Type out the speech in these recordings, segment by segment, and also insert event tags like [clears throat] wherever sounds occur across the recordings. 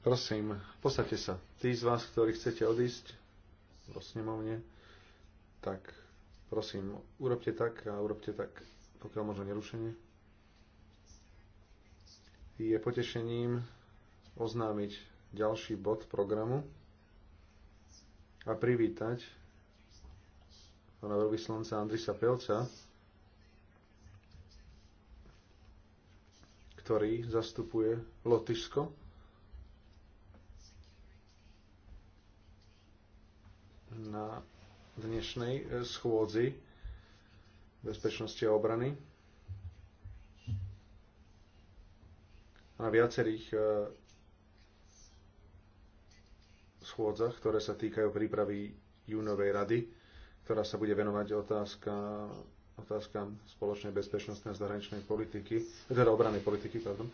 Prosím, posaďte sa. Tí z vás, ktorí chcete odísť do snemovne, tak prosím, urobte tak a urobte tak, pokiaľ možno nerušenie. Je potešením oznámiť ďalší bod programu a privítať pána veľvyslanca Andrisa Pelca, ktorý zastupuje Lotyšsko. na dnešnej e, schôdzi bezpečnosti a obrany. Na viacerých e, schôdzach, ktoré sa týkajú prípravy júnovej rady, ktorá sa bude venovať otázka otázkam spoločnej bezpečnostnej a zahraničnej politiky, teda obranej politiky, pardon.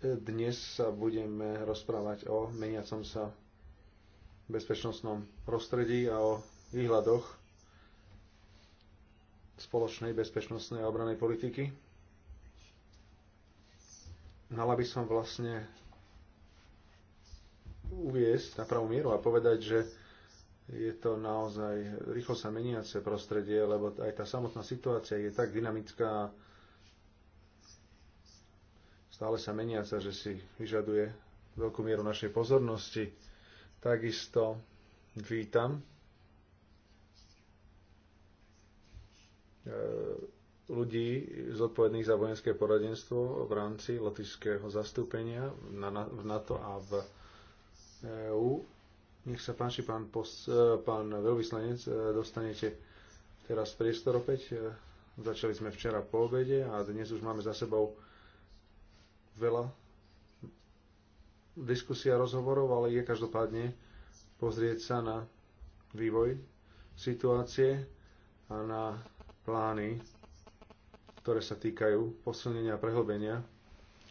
Dnes sa budeme rozprávať o meniacom sa bezpečnostnom prostredí a o výhľadoch spoločnej bezpečnostnej a obranej politiky. Mala by som vlastne uviesť na pravú mieru a povedať, že je to naozaj rýchlo sa meniace prostredie, lebo aj tá samotná situácia je tak dynamická, stále sa meniaca, že si vyžaduje veľkú mieru našej pozornosti. Takisto vítam e, ľudí zodpovedných za vojenské poradenstvo v rámci lotišského zastúpenia v NATO a v EÚ nech sa páči, pán, pos, e, pán veľvyslanec, e, dostanete teraz priestor opäť. E, začali sme včera po obede a dnes už máme za sebou veľa diskusia rozhovorov, ale je každopádne pozrieť sa na vývoj situácie a na plány, ktoré sa týkajú posilnenia a prehlbenia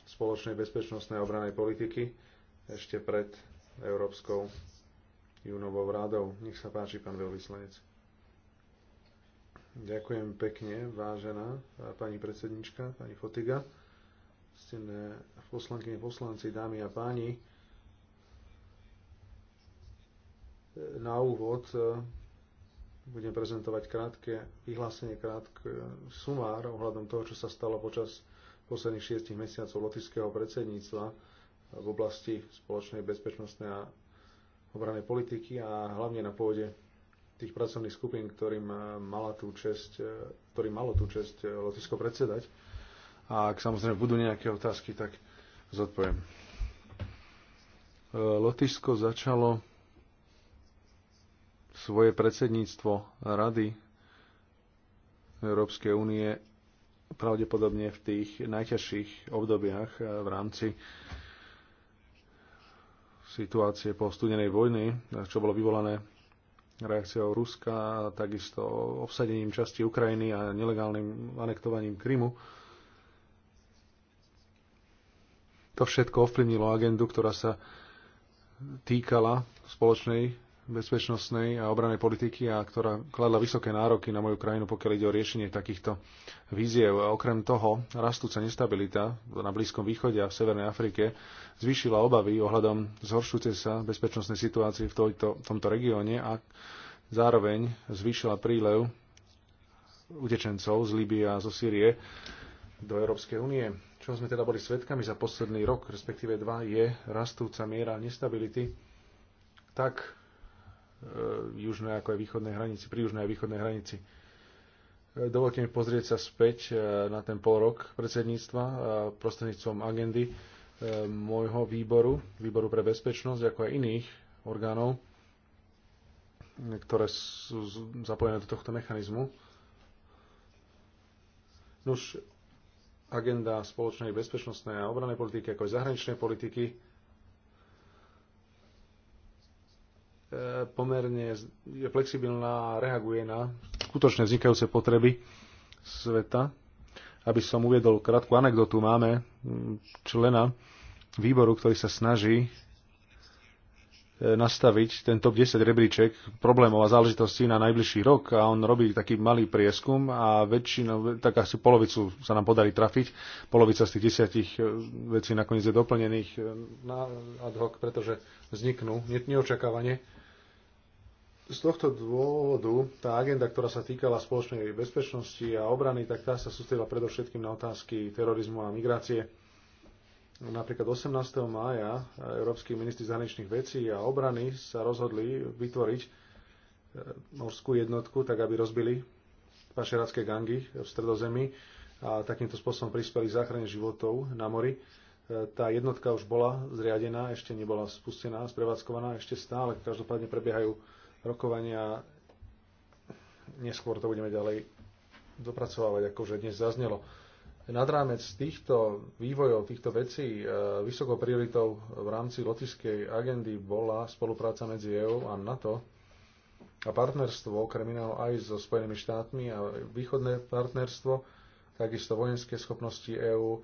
spoločnej bezpečnostnej obranej politiky ešte pred Európskou Junovou rádou. Nech sa páči, pán veľvyslanec. Ďakujem pekne, vážená pani predsednička, pani Fotiga, stené poslankyne, poslanci, dámy a páni. Na úvod eh, budem prezentovať krátke vyhlásenie, krátke eh, sumár ohľadom toho, čo sa stalo počas posledných šiestich mesiacov lotického predsedníctva v oblasti spoločnej bezpečnostnej a obranej politiky a hlavne na pôde tých pracovných skupín, ktorým, eh, mala tú čest, eh, ktorým malo tú čest eh, Lotisko predsedať. A ak samozrejme budú nejaké otázky, tak zodpoviem. Lotisko začalo svoje predsedníctvo Rady Európskej únie pravdepodobne v tých najťažších obdobiach v rámci situácie po studenej vojny, čo bolo vyvolané reakciou Ruska, takisto obsadením časti Ukrajiny a nelegálnym anektovaním Krymu. To všetko ovplyvnilo agendu, ktorá sa týkala spoločnej bezpečnostnej a obranej politiky a ktorá kladla vysoké nároky na moju krajinu, pokiaľ ide o riešenie takýchto víziev. A okrem toho, rastúca nestabilita na Blízkom východe a v Severnej Afrike zvýšila obavy ohľadom zhoršujúcej sa bezpečnostnej situácie v, tojto, v tomto regióne a zároveň zvýšila prílev utečencov z Líbie a zo Sýrie do Európskej únie. Čo sme teda boli svetkami za posledný rok, respektíve dva, je rastúca miera nestability tak E, južnej ako aj východnej hranici, pri južnej a východnej hranici. E, dovolte mi pozrieť sa späť e, na ten pol rok predsedníctva prostredníctvom agendy môjho výboru, výboru pre bezpečnosť, ako aj iných orgánov, ktoré sú zapojené do tohto mechanizmu. Nuž, agenda spoločnej bezpečnostnej a obranej politiky, ako aj zahraničnej politiky pomerne je flexibilná a reaguje na skutočne vznikajúce potreby sveta. Aby som uviedol krátku anekdotu, máme člena výboru, ktorý sa snaží e, nastaviť ten top 10 rebríček problémov a záležitostí na najbližší rok a on robí taký malý prieskum a väčšina, tak asi polovicu sa nám podarí trafiť. Polovica z tých desiatich e, vecí nakoniec je doplnených e, na ad hoc, pretože vzniknú neočakávane. Z tohto dôvodu tá agenda, ktorá sa týkala spoločnej bezpečnosti a obrany, tak tá sa sústredila predovšetkým na otázky terorizmu a migrácie. Napríklad 18. mája európsky ministri zahraničných vecí a obrany sa rozhodli vytvoriť e, morskú jednotku, tak aby rozbili pašerácké gangy v stredozemi a takýmto spôsobom prispeli k záchrane životov na mori e, tá jednotka už bola zriadená, ešte nebola spustená, sprevádzkovaná, ešte stále každopádne prebiehajú rokovania. Neskôr to budeme ďalej dopracovávať, už dnes zaznelo. Nad rámec týchto vývojov, týchto vecí, e, vysokou prioritou v rámci lotiskej agendy bola spolupráca medzi EÚ a NATO a partnerstvo, okrem iného aj so Spojenými štátmi a východné partnerstvo, takisto vojenské schopnosti EÚ, e,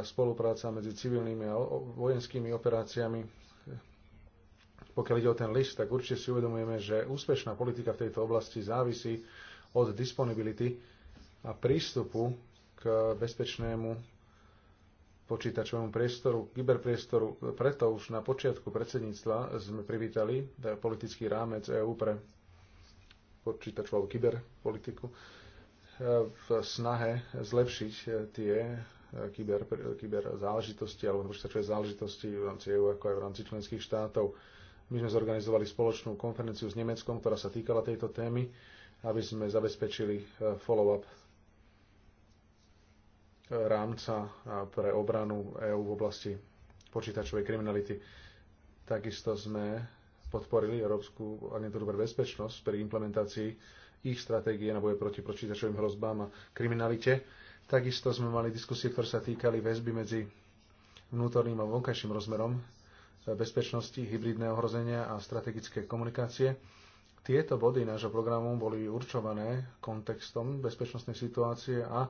spolupráca medzi civilnými a vojenskými operáciami pokiaľ ide o ten list, tak určite si uvedomujeme, že úspešná politika v tejto oblasti závisí od disponibility a prístupu k bezpečnému počítačovému priestoru, kyberpriestoru. Preto už na počiatku predsedníctva sme privítali politický rámec EÚ pre počítačovú kyberpolitiku e, v snahe zlepšiť e, tie e, kyber, kyber záležitosti alebo počítačové záležitosti v rámci EÚ ako aj v rámci členských štátov. My sme zorganizovali spoločnú konferenciu s Nemeckom, ktorá sa týkala tejto témy, aby sme zabezpečili e, follow-up e, rámca e, pre obranu EÚ v oblasti počítačovej kriminality. Takisto sme podporili Európsku agentúru pre bezpečnosť pri implementácii ich stratégie na boje proti počítačovým hrozbám a kriminalite. Takisto sme mali diskusie, ktoré sa týkali väzby medzi vnútorným a vonkajším rozmerom bezpečnosti, hybridné ohrozenia a strategické komunikácie. Tieto body nášho programu boli určované kontextom bezpečnostnej situácie a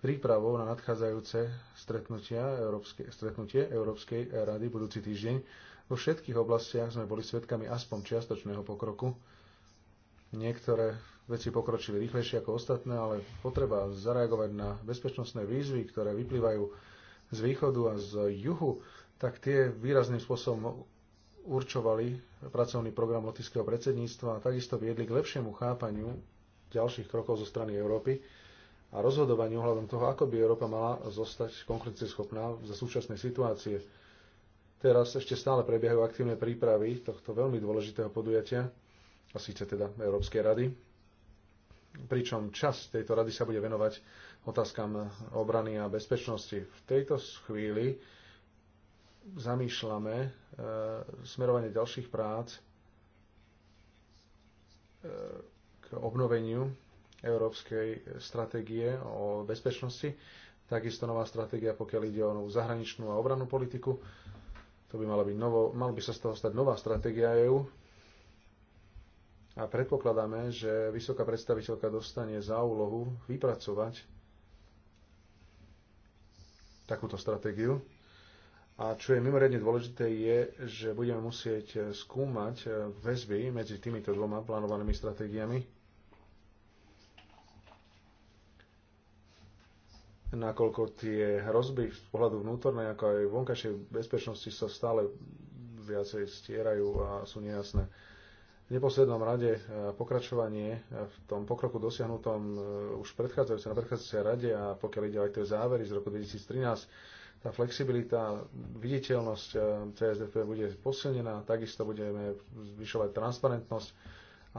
prípravou na nadchádzajúce stretnutia Európske, stretnutie Európskej rady budúci týždeň. Vo všetkých oblastiach sme boli svedkami aspoň čiastočného pokroku. Niektoré veci pokročili rýchlejšie ako ostatné, ale potreba zareagovať na bezpečnostné výzvy, ktoré vyplývajú z východu a z juhu, tak tie výrazným spôsobom určovali pracovný program lotického predsedníctva a takisto viedli k lepšiemu chápaniu ďalších krokov zo strany Európy a rozhodovaniu ohľadom toho, ako by Európa mala zostať konkurencieschopná za súčasnej situácie. Teraz ešte stále prebiehajú aktívne prípravy tohto veľmi dôležitého podujatia, a síce teda Európskej rady, pričom časť tejto rady sa bude venovať otázkam obrany a bezpečnosti. V tejto chvíli zamýšľame e, smerovanie ďalších prác e, k obnoveniu európskej stratégie o bezpečnosti, takisto nová stratégia, pokiaľ ide o novú zahraničnú a obrannú politiku. To by malo byť novo, mal by sa z toho stať nová stratégia EÚ. A predpokladáme, že vysoká predstaviteľka dostane za úlohu vypracovať takúto stratégiu a čo je mimoriadne dôležité je, že budeme musieť eh, skúmať eh, väzby medzi týmito dvoma plánovanými stratégiami. Nakoľko tie hrozby z pohľadu vnútornej ako aj vonkajšej bezpečnosti sa stále viacej stierajú a sú nejasné. V neposlednom rade eh, pokračovanie v tom pokroku dosiahnutom už predchádzajúcej na predchádzajúcej rade a pokiaľ ide aj tie závery z roku 2013, tá flexibilita, viditeľnosť eh, CSDP bude posilnená, takisto budeme zvyšovať transparentnosť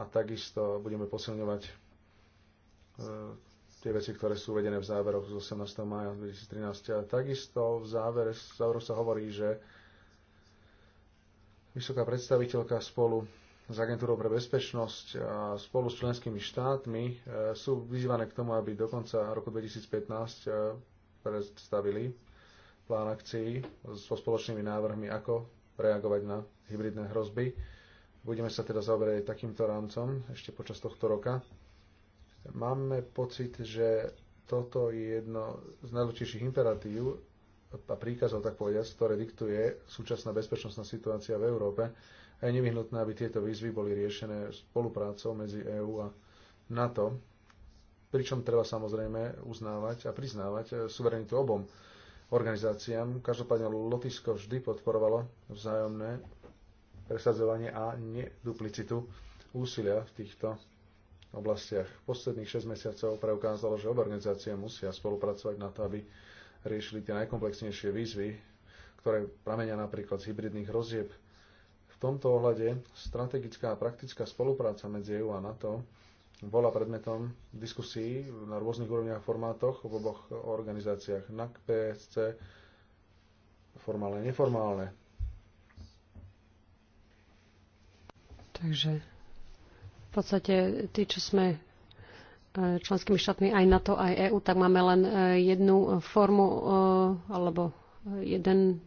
a takisto budeme posilňovať eh, tie veci, ktoré sú uvedené v záveroch z 18. maja 2013. A takisto v závere záveru sa hovorí, že vysoká predstaviteľka spolu s agentúrou pre bezpečnosť a spolu s členskými štátmi eh, sú vyzývané k tomu, aby do konca roku 2015 predstavili plán akcií so spoločnými návrhmi, ako reagovať na hybridné hrozby. Budeme sa teda zaoberať takýmto rámcom ešte počas tohto roka. Máme pocit, že toto je jedno z najdôležitejších imperatív a príkazov, tak povediať, ktoré diktuje súčasná bezpečnostná situácia v Európe. A je nevyhnutné, aby tieto výzvy boli riešené spoluprácou medzi EÚ a NATO, pričom treba samozrejme uznávať a priznávať suverenitu obom organizáciám. Každopádne Lotisko vždy podporovalo vzájomné presadzovanie a neduplicitu úsilia v týchto oblastiach. Posledných 6 mesiacov preukázalo, že obe organizácie musia spolupracovať na to, aby riešili tie najkomplexnejšie výzvy, ktoré pramenia napríklad z hybridných rozieb. V tomto ohľade strategická a praktická spolupráca medzi EU a NATO bola predmetom diskusí na rôznych úrovniach a formátoch v oboch organizáciách NAC, PSC, formálne, neformálne. Takže v podstate tí, čo sme e, členskými štátmi aj NATO, aj EU, tak máme len e, jednu formu e, alebo jeden,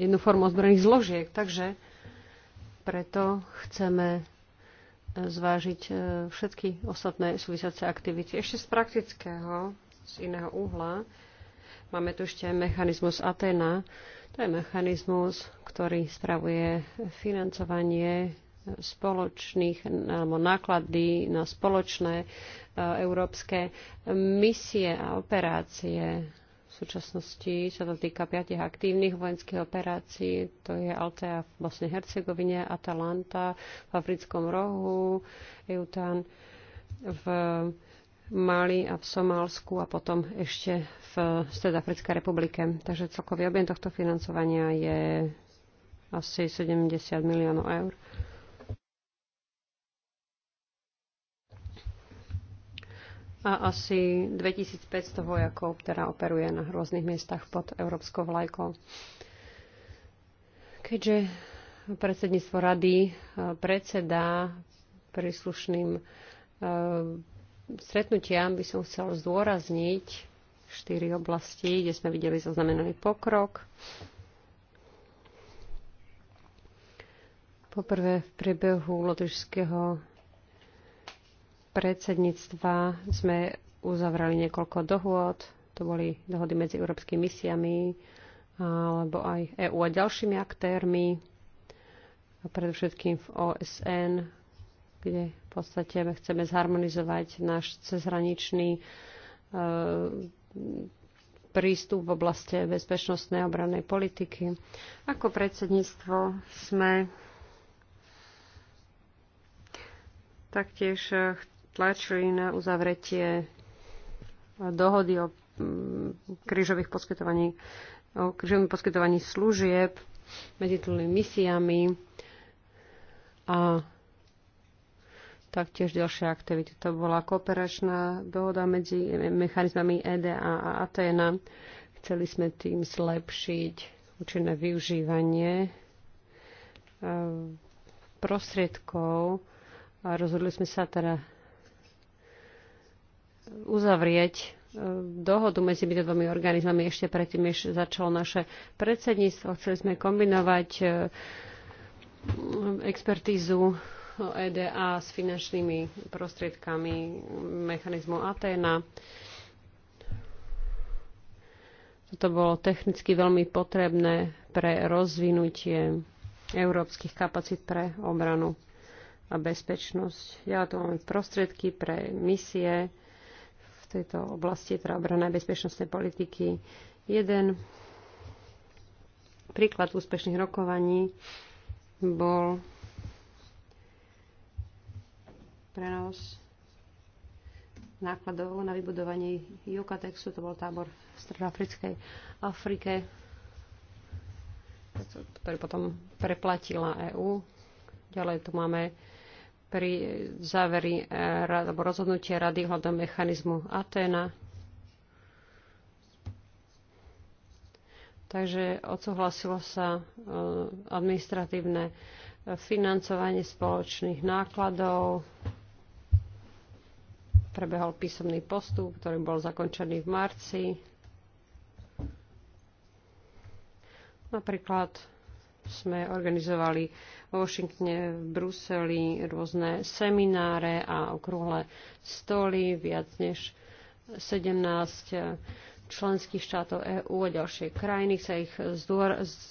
jednu formu ozbrojených zložiek. Takže preto chceme zvážiť e, všetky ostatné súvisiace aktivity. Ešte z praktického, z iného uhla, máme tu ešte aj mechanizmus Atena. To je mechanizmus, ktorý spravuje financovanie spoločných alebo náklady na spoločné e, európske misie a operácie v súčasnosti sa to týka piatich aktívnych vojenských operácií. To je Altea v Bosne Hercegovine, Atalanta v Africkom rohu, Eutan v Mali a v Somálsku a potom ešte v Stredafrickej republike. Takže celkový objem tohto financovania je asi 70 miliónov eur. a asi 2500 vojakov, ktorá operuje na rôznych miestach pod európskou vlajkou. Keďže predsedníctvo rady e, predsedá príslušným e, stretnutiam, by som chcel zdôrazniť štyri oblasti, kde sme videli zaznamenaný pokrok. Poprvé v priebehu lotyšského predsedníctva sme uzavrali niekoľko dohôd. To boli dohody medzi európskymi misiami alebo aj EU a ďalšími aktérmi, a predovšetkým v OSN, kde v podstate chceme zharmonizovať náš cezhraničný e, prístup v oblasti bezpečnostnej obrannej politiky. Ako predsedníctvo sme taktiež tlačili na uzavretie dohody o mm, krížových poskytovaní, o krížovom poskytovaní služieb medzi misiami a taktiež ďalšie aktivity. To bola kooperačná dohoda medzi mechanizmami EDA a Atena. Chceli sme tým zlepšiť účinné využívanie e, prostriedkov a rozhodli sme sa teda uzavrieť e, dohodu medzi týmito dvomi organizmami ešte predtým, než začalo naše predsedníctvo. Chceli sme kombinovať e, expertízu EDA s finančnými prostriedkami mechanizmu Atena. Toto bolo technicky veľmi potrebné pre rozvinutie európskych kapacít pre obranu a bezpečnosť. Ja tu mám prostriedky pre misie, tejto oblasti, teda obrané bezpečnostnej politiky. Jeden príklad úspešných rokovaní bol prenos nákladov na vybudovanie Jukatexu, to bol tábor v Stredoafrickej Afrike, ktorý potom preplatila EÚ. Ďalej tu máme pri záveri eh, alebo rozhodnutie rady hľadom mechanizmu Atena. Takže odsúhlasilo sa eh, administratívne eh, financovanie spoločných nákladov. Prebehol písomný postup, ktorý bol zakončený v marci. Napríklad sme organizovali vo Washingtone, v Bruseli rôzne semináre a okrúhle stoly, viac než 17 eh, členských štátov EÚ a ďalšie krajiny sa ich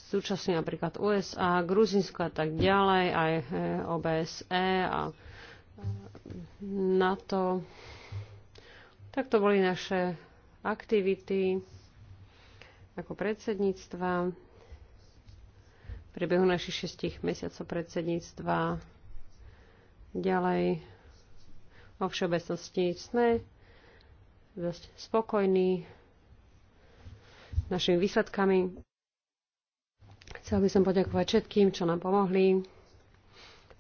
zúčastnili napríklad USA, Gruzinsko a tak ďalej, aj eh, OBSE a eh, NATO. Tak to boli naše aktivity ako predsedníctva v priebehu našich šestich mesiacov predsedníctva. Ďalej o všeobecnosti sme dosť spokojní našimi výsledkami. Chcel by som poďakovať všetkým, čo nám pomohli,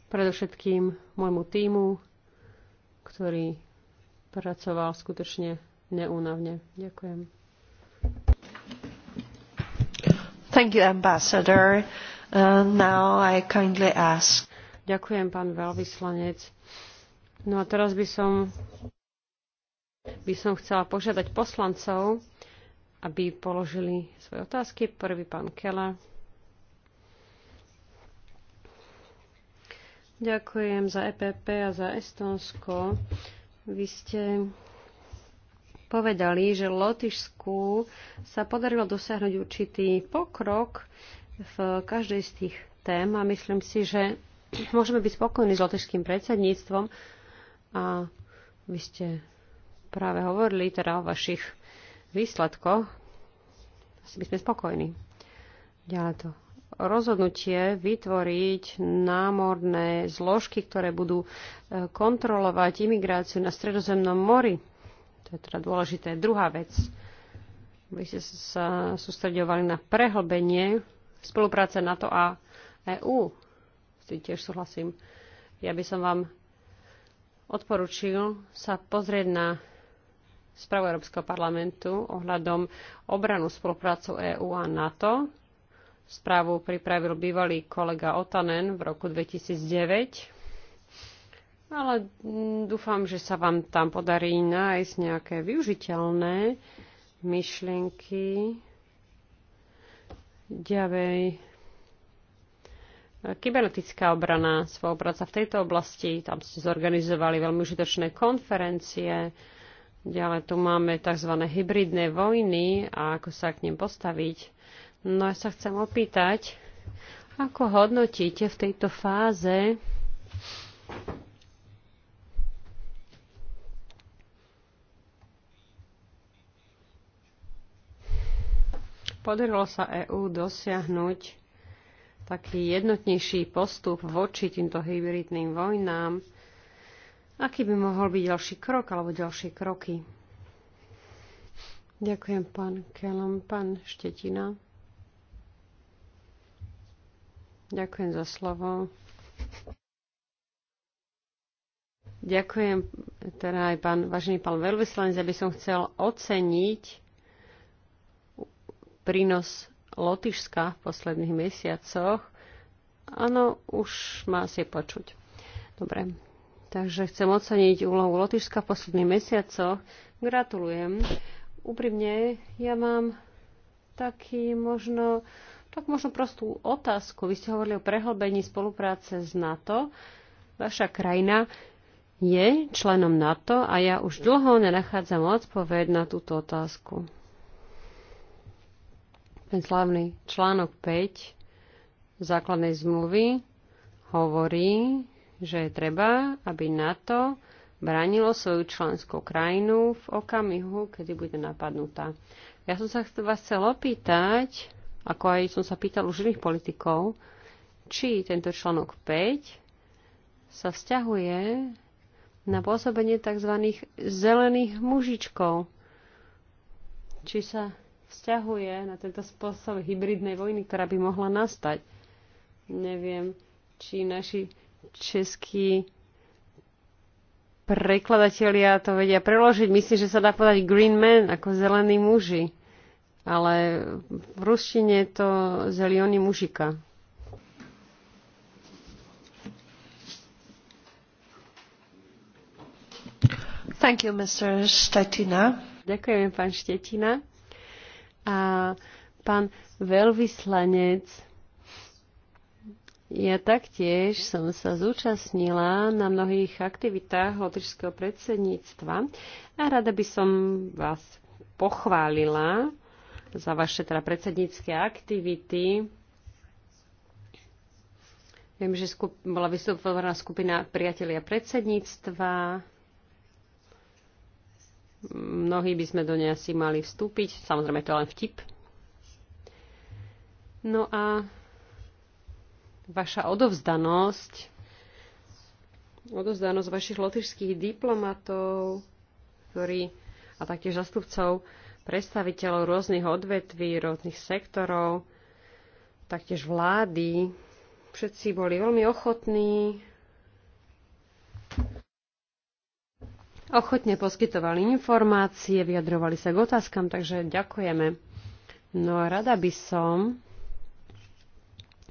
predovšetkým môjmu týmu, ktorý pracoval skutočne neúnavne. Ďakujem. Thank you, ambassador. Uh, now I kindly ask. Ďakujem, pán veľvyslanec. No a teraz by som, by som chcela požiadať poslancov, aby položili svoje otázky. Prvý pán Keller. Ďakujem za EPP a za Estonsko. Vy ste povedali, že Lotyšsku sa podarilo dosiahnuť určitý pokrok v každej z tých tém a myslím si, že [clears throat] môžeme byť spokojní s lotežským predsedníctvom a vy ste práve hovorili teda o vašich výsledkoch. Asi by sme spokojní. Ďalej to rozhodnutie vytvoriť námorné zložky, ktoré budú e, kontrolovať imigráciu na Stredozemnom mori. To je teda dôležité. Druhá vec. Vy ste sa sústredovali na prehlbenie spolupráce NATO a EÚ. S tým tiež súhlasím. Ja by som vám odporučil sa pozrieť na správu Európskeho parlamentu ohľadom obranu spoluprácu EÚ a NATO. Správu pripravil bývalý kolega Otanen v roku 2009. Ale mm, dúfam, že sa vám tam podarí nájsť nejaké využiteľné myšlienky Ďalej. Kybernetická obrana, spolupráca v tejto oblasti, tam ste zorganizovali veľmi užitočné konferencie. Ďalej tu máme tzv. hybridné vojny a ako sa k nim postaviť. No ja sa chcem opýtať, ako hodnotíte v tejto fáze Podarilo sa EÚ dosiahnuť taký jednotnejší postup voči týmto hybridným vojnám. Aký by mohol byť ďalší krok alebo ďalšie kroky? Ďakujem, pán Kelom, pán Štetina. Ďakujem za slovo. Ďakujem teda aj pán, vážený pán veľvyslanec, aby som chcel oceniť prínos Lotyšska v posledných mesiacoch, áno, už má si počuť. Dobre, takže chcem oceniť úlohu Lotyšska v posledných mesiacoch. Gratulujem. Úprimne, ja mám taký možno, tak možno prostú otázku. Vy ste hovorili o prehlbení spolupráce s NATO. Vaša krajina je členom NATO a ja už dlho nenachádzam odpoveď na túto otázku. Ten slavný článok 5 základnej zmluvy hovorí, že je treba, aby NATO bránilo svoju členskú krajinu v okamihu, kedy bude napadnutá. Ja som sa vás chcel opýtať, ako aj som sa pýtal už iných politikov, či tento článok 5 sa vzťahuje na pôsobenie tzv. zelených mužičkov. Či sa vzťahuje na tento spôsob hybridnej vojny, ktorá by mohla nastať. Neviem, či naši českí prekladatelia to vedia preložiť. Myslím, že sa dá povedať green man ako zelený muži. Ale v ruštine je to zelený mužika. You, ďakujem pán štetina a pán veľvyslanec, ja taktiež som sa zúčastnila na mnohých aktivitách lotyšského predsedníctva a rada by som vás pochválila za vaše teda predsednícke aktivity. Viem, že skup- bola vystupovaná skupina priatelia predsedníctva Mnohí by sme do nej asi mali vstúpiť. Samozrejme, to je len vtip. No a vaša odovzdanosť, odovzdanosť vašich lotyšských diplomatov, ktorí a taktiež zastupcov predstaviteľov rôznych odvetví, rôznych sektorov, taktiež vlády. Všetci boli veľmi ochotní ochotne poskytovali informácie, vyjadrovali sa k otázkam, takže ďakujeme. No a rada by som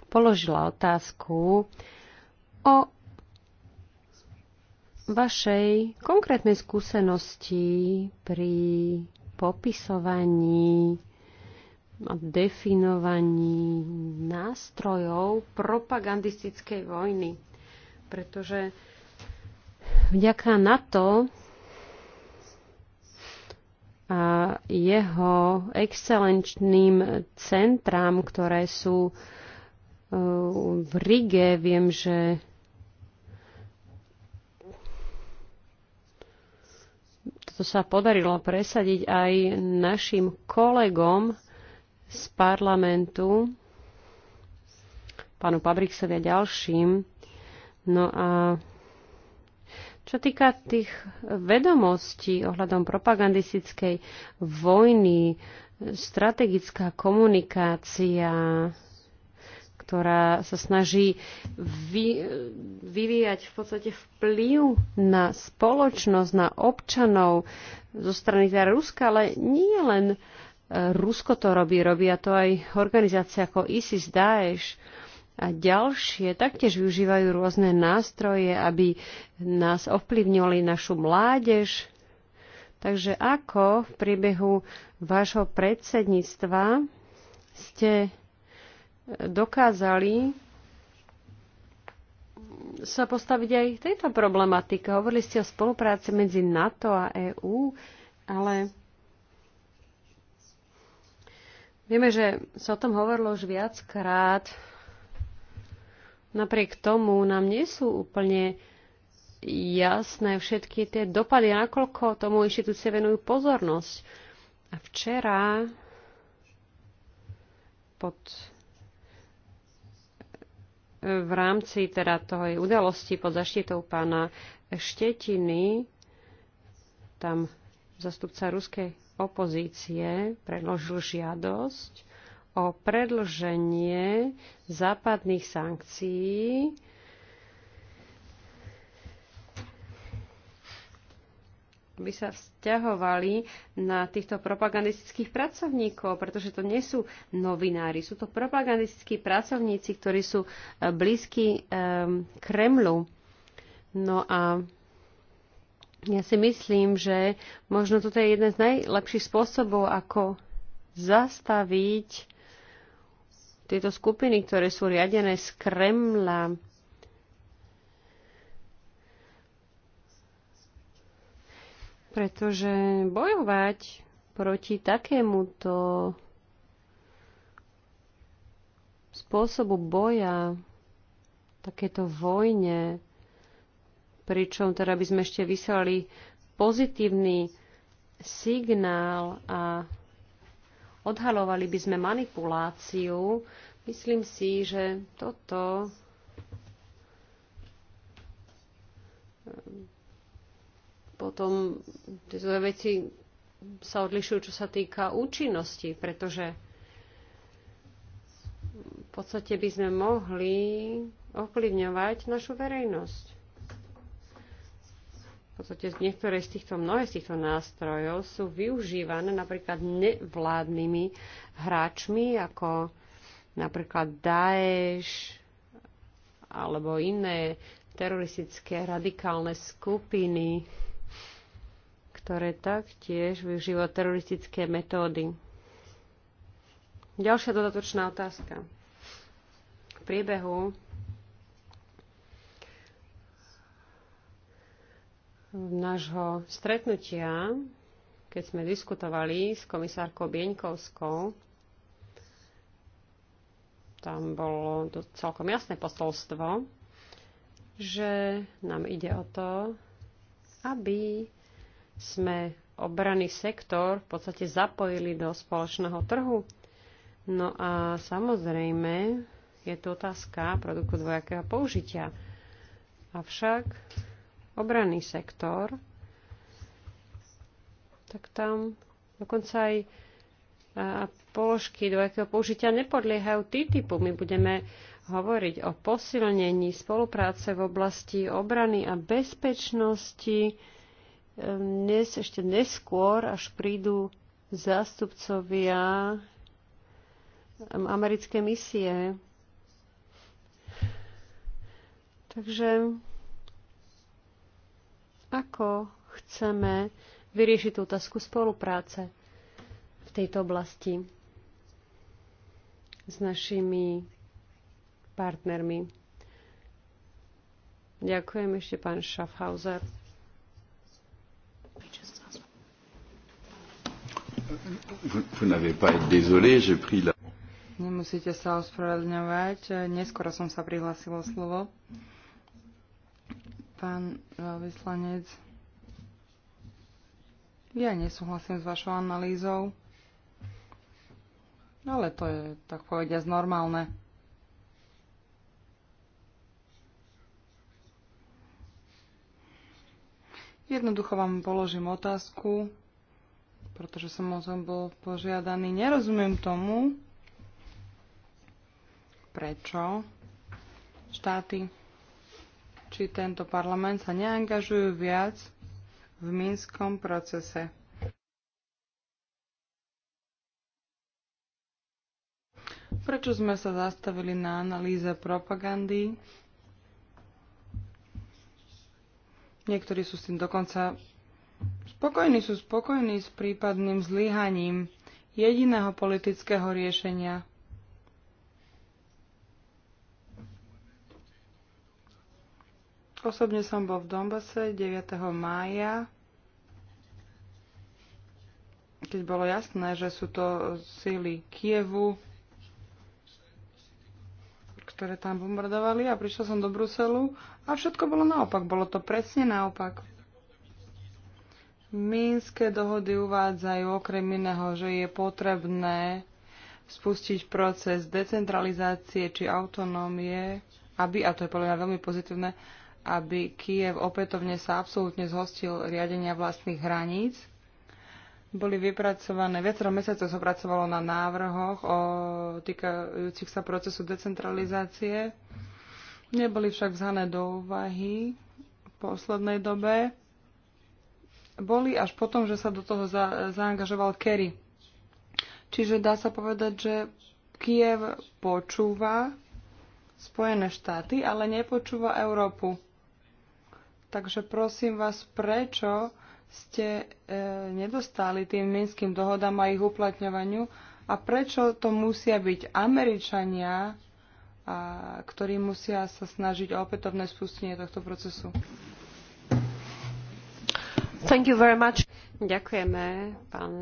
položila otázku o vašej konkrétnej skúsenosti pri popisovaní a definovaní nástrojov propagandistickej vojny. Pretože vďaka NATO a jeho excelenčným centrám, ktoré sú e, v Rige. Viem, že toto sa podarilo presadiť aj našim kolegom z parlamentu, pánu Pabriksovi a ďalším. No a čo týka tých vedomostí ohľadom propagandistickej vojny, strategická komunikácia, ktorá sa snaží vy, vyvíjať v podstate vplyv na spoločnosť, na občanov zo strany teda Ruska, ale nie len eh, Rusko to robí, robia to aj organizácia ako ISIS, Daesh a ďalšie taktiež využívajú rôzne nástroje, aby nás ovplyvňovali našu mládež. Takže ako v priebehu vášho predsedníctva ste dokázali sa postaviť aj tejto problematike. Hovorili ste o spolupráci medzi NATO a EÚ, ale vieme, že sa o tom hovorilo už viackrát Napriek tomu nám nie sú úplne jasné všetky tie dopady, nakoľko tomu inštitúcie venujú pozornosť. A včera pod v rámci teda toho udalosti pod zaštitou pána Štetiny, tam zastupca ruskej opozície predložil žiadosť o predlženie západných sankcií by sa vzťahovali na týchto propagandistických pracovníkov, pretože to nie sú novinári, sú to propagandistickí pracovníci, ktorí sú e, blízki um, Kremlu. No a ja si myslím, že možno toto je jeden z najlepších spôsobov, ako zastaviť tieto skupiny, ktoré sú riadené z Kremla, pretože bojovať proti takémuto spôsobu boja, takéto vojne, pričom teda by sme ešte vyslali pozitívny signál a odhalovali by sme manipuláciu. Myslím si, že toto ehm, potom tieto veci sa odlišujú, čo sa týka účinnosti, pretože v podstate by sme mohli ovplyvňovať našu verejnosť podstate z niektoré z týchto, mnohé z týchto nástrojov sú využívané napríklad nevládnymi hráčmi, ako napríklad Daesh alebo iné teroristické radikálne skupiny, ktoré taktiež využívajú teroristické metódy. Ďalšia dodatočná otázka. V priebehu nášho stretnutia, keď sme diskutovali s komisárkou Bieňkovskou, tam bolo to celkom jasné posolstvo, že nám ide o to, aby sme obranný sektor v podstate zapojili do spoločného trhu. No a samozrejme je tu otázka produktu dvojakého použitia. Avšak obranný sektor, tak tam dokonca aj položky, do akého použitia nepodliehajú TTIPu. My budeme hovoriť o posilnení spolupráce v oblasti obrany a bezpečnosti. Ehm, dnes, ešte neskôr, až prídu zástupcovia ehm, americké misie. Takže ako chceme vyriešiť tú otázku spolupráce v tejto oblasti s našimi partnermi. Ďakujem ešte pán Schaffhauser. Nemusíte sa ospravedlňovať. Neskoro som sa prihlásil o slovo pán veľvyslanec. Ja nesúhlasím s vašou analýzou, ale to je, tak povediať, normálne. Jednoducho vám položím otázku, pretože som o tom bol požiadaný. Nerozumiem tomu, prečo štáty či tento parlament sa neangažujú viac v minskom procese. Prečo sme sa zastavili na analýze propagandy? Niektorí sú s tým dokonca spokojní, sú spokojní s prípadným zlyhaním jediného politického riešenia. Osobne som bol v Dombase 9. mája, keď bolo jasné, že sú to síly Kievu, ktoré tam bombardovali a prišla som do Bruselu a všetko bolo naopak. Bolo to presne naopak. Mínske dohody uvádzajú okrem iného, že je potrebné spustiť proces decentralizácie či autonómie, aby, a to je podľa mňa veľmi pozitívne, aby Kiev opätovne sa absolútne zhostil riadenia vlastných hraníc. Boli vypracované, viacero mesiacov sa pracovalo na návrhoch o týkajúcich sa procesu decentralizácie. Neboli však vzané do úvahy v poslednej dobe. Boli až potom, že sa do toho za, zaangažoval Kerry. Čiže dá sa povedať, že Kiev počúva Spojené štáty, ale nepočúva Európu. Takže prosím vás, prečo ste e, nedostali tým minským dohodám a ich uplatňovaniu a prečo to musia byť Američania, a, ktorí musia sa snažiť o opätovné spustenie tohto procesu? Thank you very much. Ďakujeme, pán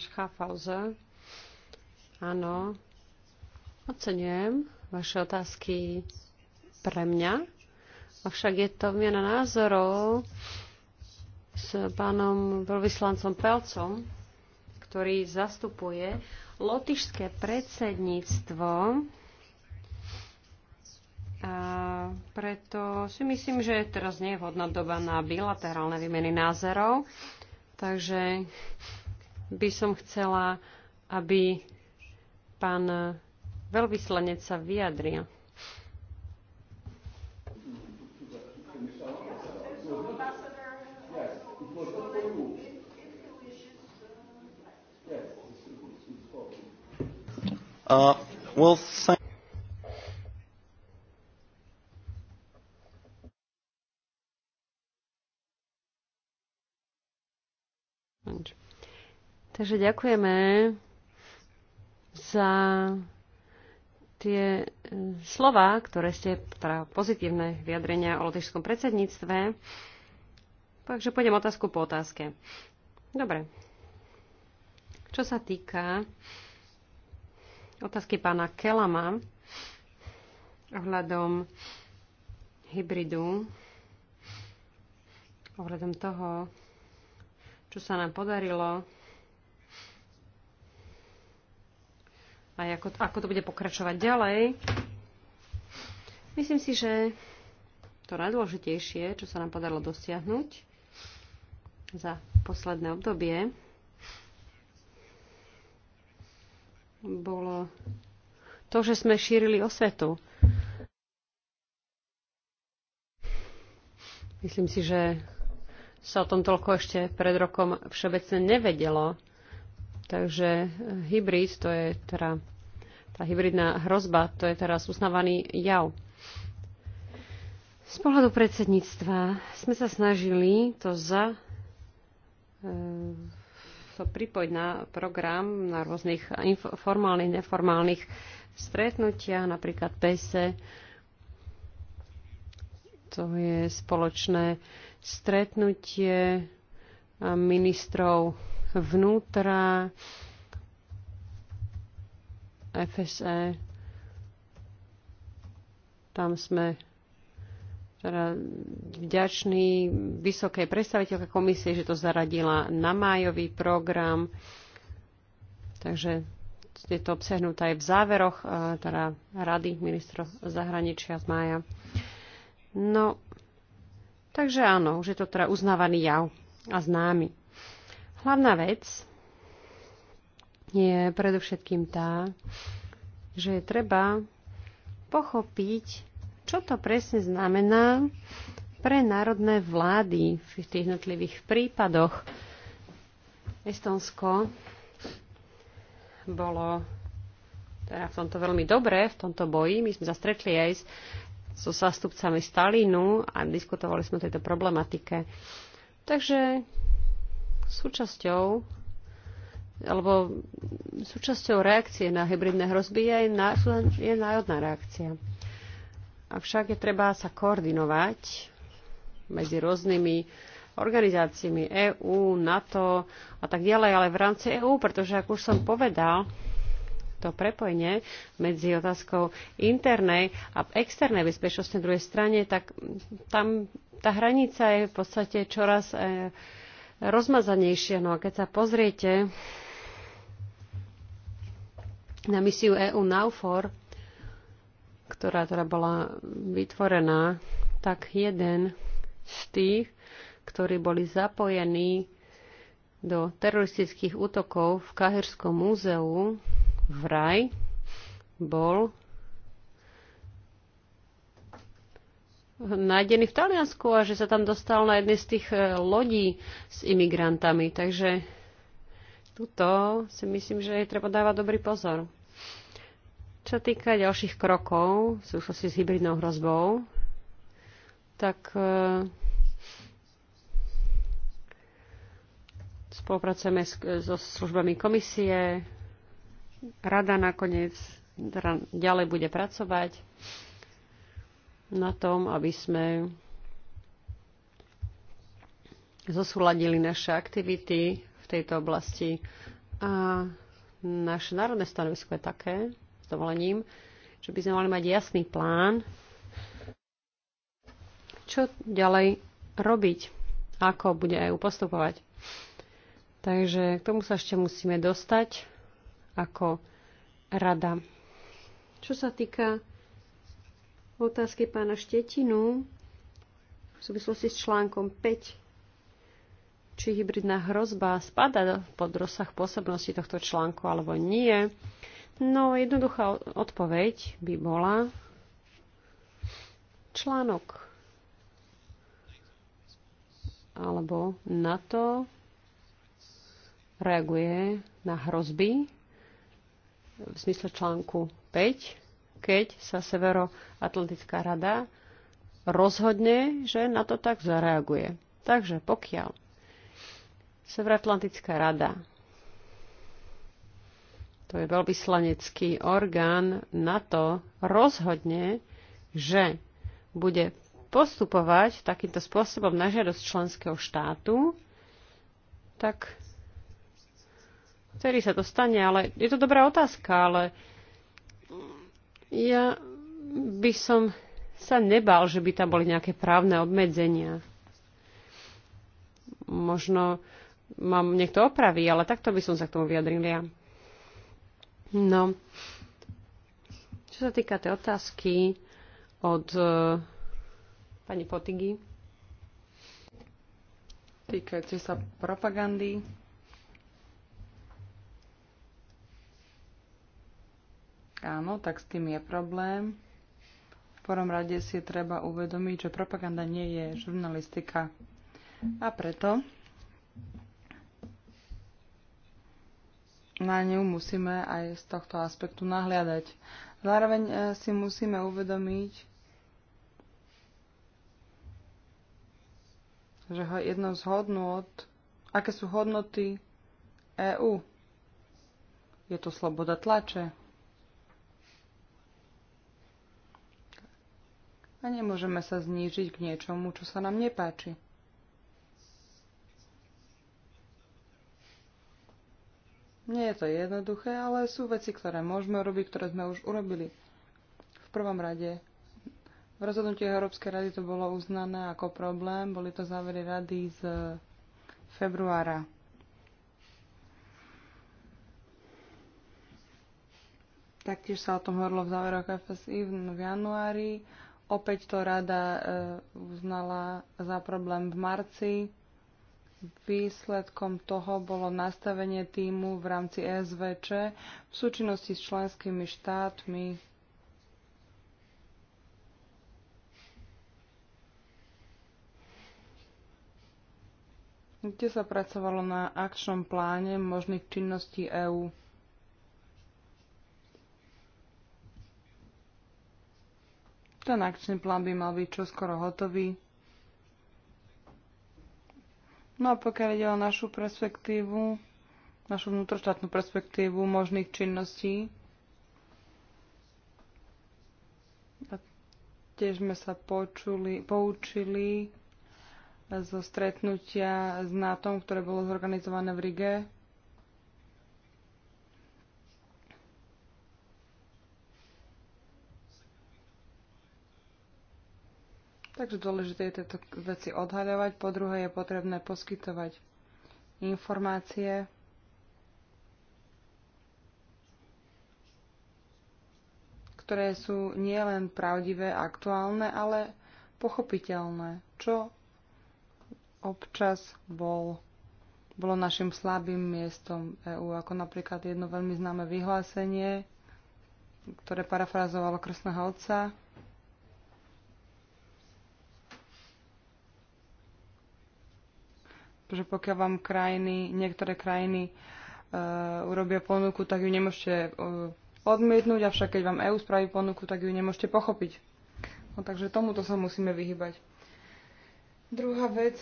Schaffhauser. Áno, ocenujem vaše otázky pre mňa Avšak je to výmena názorov s pánom veľvyslancom Pelcom, ktorý zastupuje lotišské predsedníctvo. A preto si myslím, že teraz nie je vhodná doba na bilaterálne výmeny názorov. Takže by som chcela, aby pán veľvyslanec sa vyjadril. Uh, Takže ďakujeme za tie e, slova, ktoré ste, teda pozitívne vyjadrenia o lotyšskom predsedníctve. Takže pôjdem otázku po otázke. Dobre. Čo sa týka otázky pána Kelama ohľadom hybridu, ohľadom toho, čo sa nám podarilo a ako, ako to bude pokračovať ďalej. Myslím si, že to najdôležitejšie, čo sa nám podarilo dosiahnuť za posledné obdobie, bolo to, že sme šírili osvetu. Myslím si, že sa o tom toľko ešte pred rokom všeobecne nevedelo. Takže eh, hybrid, to je teda tá hybridná hrozba, to je teraz uznávaný jav. Z pohľadu predsedníctva sme sa snažili to za e, sa pripojiť na program na rôznych formálnych, neformálnych stretnutiach, napríklad PESE. To je spoločné stretnutie ministrov vnútra, FSE. Tam sme teda vďačný vysokej predstaviteľke komisie, že to zaradila na májový program. Takže je to obsahnuté aj v záveroch teda Rady ministrov zahraničia z mája. No, takže áno, už je to teda uznávaný jav a známy. Hlavná vec je predovšetkým tá, že treba pochopiť, čo to presne znamená pre národné vlády v tých jednotlivých prípadoch. Estonsko bolo teda v tomto veľmi dobré, v tomto boji. My sme sa stretli aj s, so zastupcami Stalinu a diskutovali sme o tejto problematike. Takže súčasťou alebo súčasťou reakcie na hybridné hrozby je, je národná reakcia. Avšak je treba sa koordinovať medzi rôznymi organizáciami EÚ, NATO a tak ďalej, ale v rámci EÚ, pretože ako už som povedal, to prepojenie medzi otázkou internej a externej bezpečnosti na druhej strane, tak tam tá hranica je v podstate čoraz e, rozmazanejšia. No a keď sa pozriete na misiu EU NAUFOR ktorá teda bola vytvorená, tak jeden z tých, ktorí boli zapojení do teroristických útokov v Kahirskom múzeu v Raj, bol nájdený v Taliansku a že sa tam dostal na jednej z tých e, lodí s imigrantami. Takže tuto si myslím, že je treba dávať dobrý pozor. Čo týka ďalších krokov v súvislosti s hybridnou hrozbou, tak e, spolupracujeme so službami komisie, rada nakoniec ďalej bude pracovať na tom, aby sme zosúladili naše aktivity v tejto oblasti. A naše národné stanovisko je také, dovolením, že by sme mali mať jasný plán, čo ďalej robiť, ako bude EU postupovať. Takže k tomu sa ešte musíme dostať ako rada. Čo sa týka otázky pána Štetinu v súvislosti s článkom 5, či hybridná hrozba spada pod rozsah pôsobnosti tohto článku alebo nie, No, jednoduchá odpoveď by bola článok alebo na to reaguje na hrozby v zmysle článku 5, keď sa Severoatlantická rada rozhodne, že na to tak zareaguje. Takže pokiaľ Severoatlantická rada to je veľvyslanecký orgán NATO, rozhodne, že bude postupovať takýmto spôsobom na žiadosť členského štátu, tak vtedy sa to stane, ale je to dobrá otázka, ale ja by som sa nebal, že by tam boli nejaké právne obmedzenia. Možno mám niekto opraví, ale takto by som sa k tomu vyjadril ja. No, čo sa týka tej otázky od uh, pani Potigy, týkajúce sa propagandy, Áno, tak s tým je problém. V prvom rade si treba uvedomiť, že propaganda nie je žurnalistika. A preto na ňu musíme aj z tohto aspektu nahliadať. Zároveň e, si musíme uvedomiť, že jednou z hodnot, aké sú hodnoty EÚ. Je to sloboda tlače. A nemôžeme sa znížiť k niečomu, čo sa nám nepáči. Nie je to jednoduché, ale sú veci, ktoré môžeme urobiť, ktoré sme už urobili. V prvom rade v rozhodnutí Európskej rady to bolo uznané ako problém, boli to závery rady z februára. Taktiež sa o tom hovorilo v záveroch FSI v januári. Opäť to rada e, uznala za problém v marci. Výsledkom toho bolo nastavenie týmu v rámci SVČ v súčinnosti s členskými štátmi. kde sa pracovalo na akčnom pláne možných činností EÚ. Ten akčný plán by mal byť čoskoro hotový. No a pokiaľ ide o našu perspektívu, našu vnútroštátnu perspektívu možných činností, a tiež sme sa počuli, poučili zo stretnutia s NATO, ktoré bolo zorganizované v Rige Takže dôležité je tieto veci odhaľovať. Po druhé je potrebné poskytovať informácie. ktoré sú nielen pravdivé, aktuálne, ale pochopiteľné, čo občas bol, bolo našim slabým miestom EÚ, ako napríklad jedno veľmi známe vyhlásenie, ktoré parafrazovalo krstného otca, pretože pokiaľ vám krajiny, niektoré krajiny e, urobia ponuku, tak ju nemôžete e, odmietnúť, avšak keď vám EU spraví ponuku, tak ju nemôžete pochopiť. No takže tomuto sa musíme vyhybať. Druhá vec,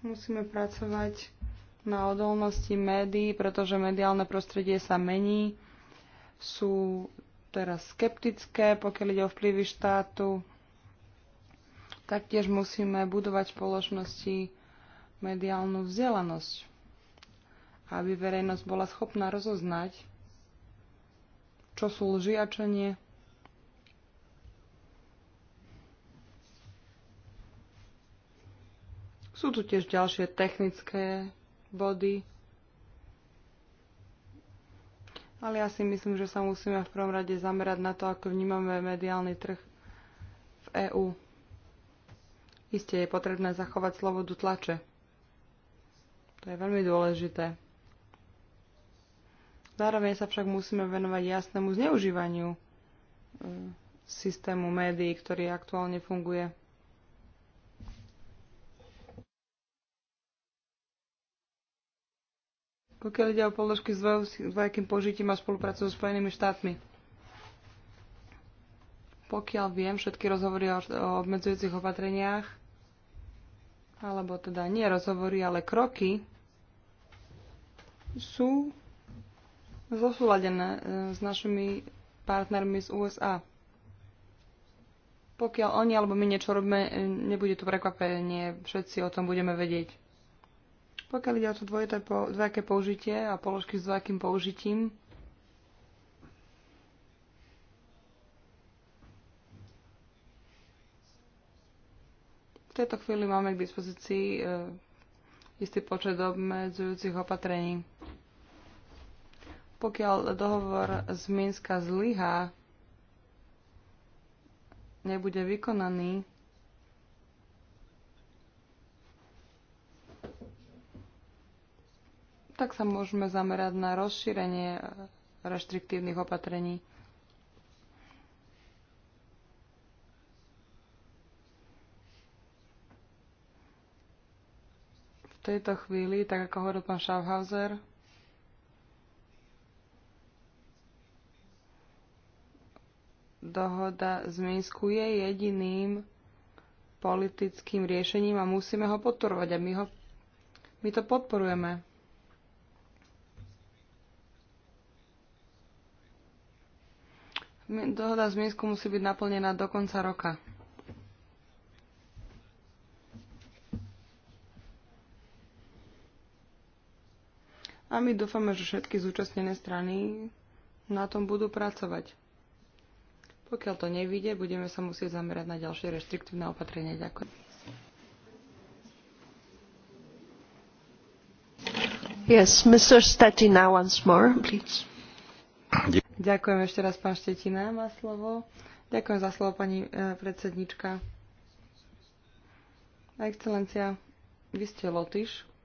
musíme pracovať na odolnosti médií, pretože mediálne prostredie sa mení. Sú teraz skeptické, pokiaľ ide o vplyvy štátu. Taktiež musíme budovať spoločnosti, mediálnu vzdelanosť, aby verejnosť bola schopná rozoznať, čo sú lži a čo nie. Sú tu tiež ďalšie technické body, ale ja si myslím, že sa musíme v prvom rade zamerať na to, ako vnímame mediálny trh v EÚ. Isté je potrebné zachovať slobodu tlače. To je veľmi dôležité. Zároveň sa však musíme venovať jasnému zneužívaniu e, systému médií, ktorý aktuálne funguje. Pokiaľ ide o položky s dvojakým požitím a spoluprácu so Spojenými štátmi. Pokiaľ viem, všetky rozhovory o obmedzujúcich opatreniach alebo teda nie rozhovory, ale kroky sú zosúladené e, s našimi partnermi z USA. Pokiaľ oni alebo my niečo robíme, e, nebude to prekvapenie, všetci o tom budeme vedieť. Pokiaľ ide o to dvojité, dvojaké použitie a položky s dvojakým použitím, tejto chvíli máme k dispozícii eh, istý počet obmedzujúcich opatrení. Pokiaľ dohovor z Minska zlyhá, nebude vykonaný, tak sa môžeme zamerať na rozšírenie reštriktívnych opatrení. tejto chvíli, tak ako hovoril pán Schaffhauser, dohoda z Minsku je jediným politickým riešením a musíme ho podporovať a my, ho, my to podporujeme. Dohoda z Minsku musí byť naplnená do konca roka. A my dúfame, že všetky zúčastnené strany na tom budú pracovať. Pokiaľ to nevíde, budeme sa musieť zamerať na ďalšie reštriktívne opatrenia. Ďakujem. Yes, Mr. Stetina once more, please. Ďakujem ešte raz, pán Štetina má slovo. Ďakujem za slovo, pani e, predsednička. Excelencia, vy ste Lotyš.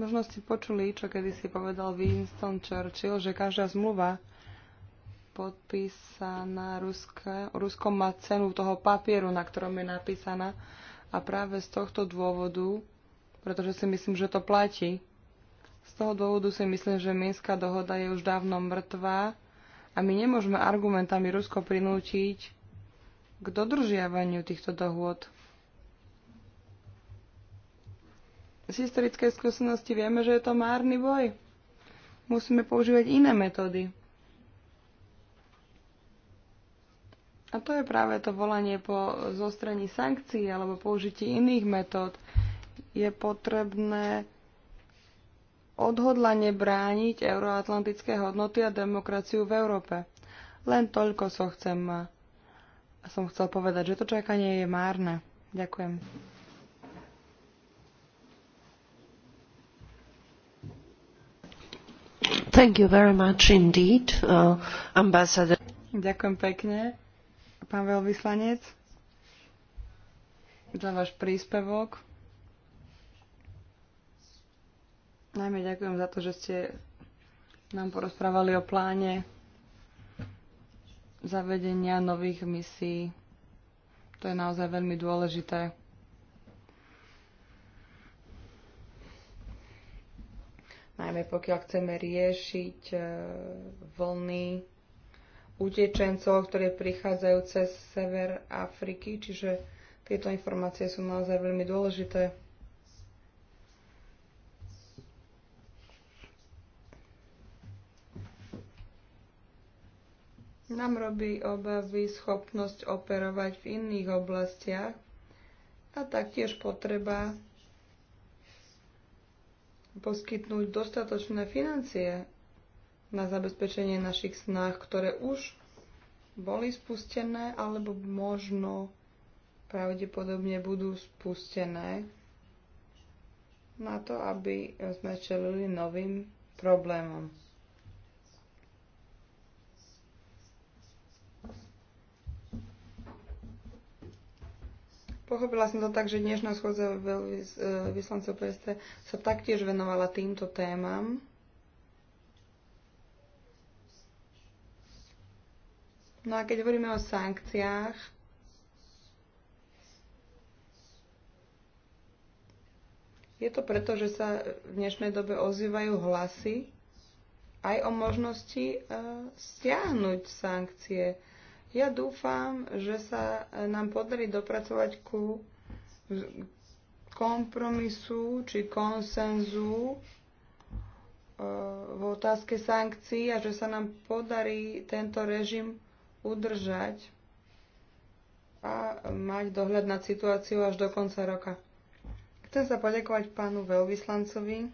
Možno ste počuli, čo kedy si povedal Winston Churchill, že každá zmluva podpísaná Ruska, Ruskom má cenu toho papieru, na ktorom je napísaná. A práve z tohto dôvodu, pretože si myslím, že to platí, z toho dôvodu si myslím, že Minská dohoda je už dávno mŕtvá a my nemôžeme argumentami Rusko prinútiť k dodržiavaniu týchto dohôd. Z historickej skúsenosti vieme, že je to márny boj. Musíme používať iné metódy. A to je práve to volanie po zostrení sankcií alebo použití iných metód. Je potrebné odhodlane brániť euroatlantické hodnoty a demokraciu v Európe. Len toľko som chcem som chcel povedať, že to čakanie je márne. Ďakujem. Thank you very much indeed, uh, ambassador. Ďakujem pekne, pán veľvyslanec, za váš príspevok. Najmä ďakujem za to, že ste nám porozprávali o pláne zavedenia nových misií. To je naozaj veľmi dôležité. najmä pokiaľ chceme riešiť e, vlny utečencov, ktoré prichádzajú cez sever Afriky, čiže tieto informácie sú naozaj veľmi dôležité. Nám robí obavy schopnosť operovať v iných oblastiach a taktiež potreba poskytnúť dostatočné financie na zabezpečenie našich snách, ktoré už boli spustené alebo možno pravdepodobne budú spustené na to, aby sme čelili novým problémom. Pochopila som to tak, že dnešná schôdza e, vyslancov PST sa taktiež venovala týmto témam. No a keď hovoríme o sankciách, je to preto, že sa v dnešnej dobe ozývajú hlasy aj o možnosti e, stiahnuť sankcie ja dúfam, že sa nám podarí dopracovať ku kompromisu či konsenzu e, v otázke sankcií a že sa nám podarí tento režim udržať a mať dohľad na situáciu až do konca roka. Chcem sa poďakovať pánu veľvyslancovi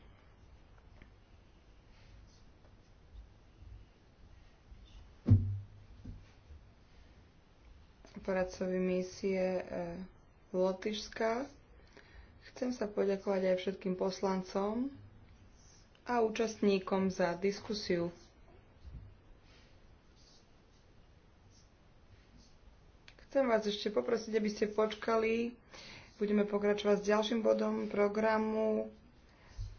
poradcovi misie eh, Lotyšska. Chcem sa poďakovať aj všetkým poslancom a účastníkom za diskusiu. Chcem vás ešte poprosiť, aby ste počkali. Budeme pokračovať s ďalším bodom programu.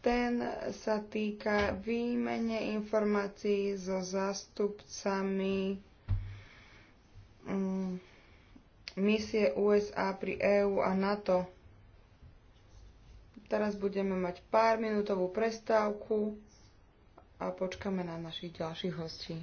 Ten sa týka výmene informácií so zástupcami mm, misie USA pri EÚ a NATO. Teraz budeme mať pár minútovú prestávku a počkáme na našich ďalších hostí.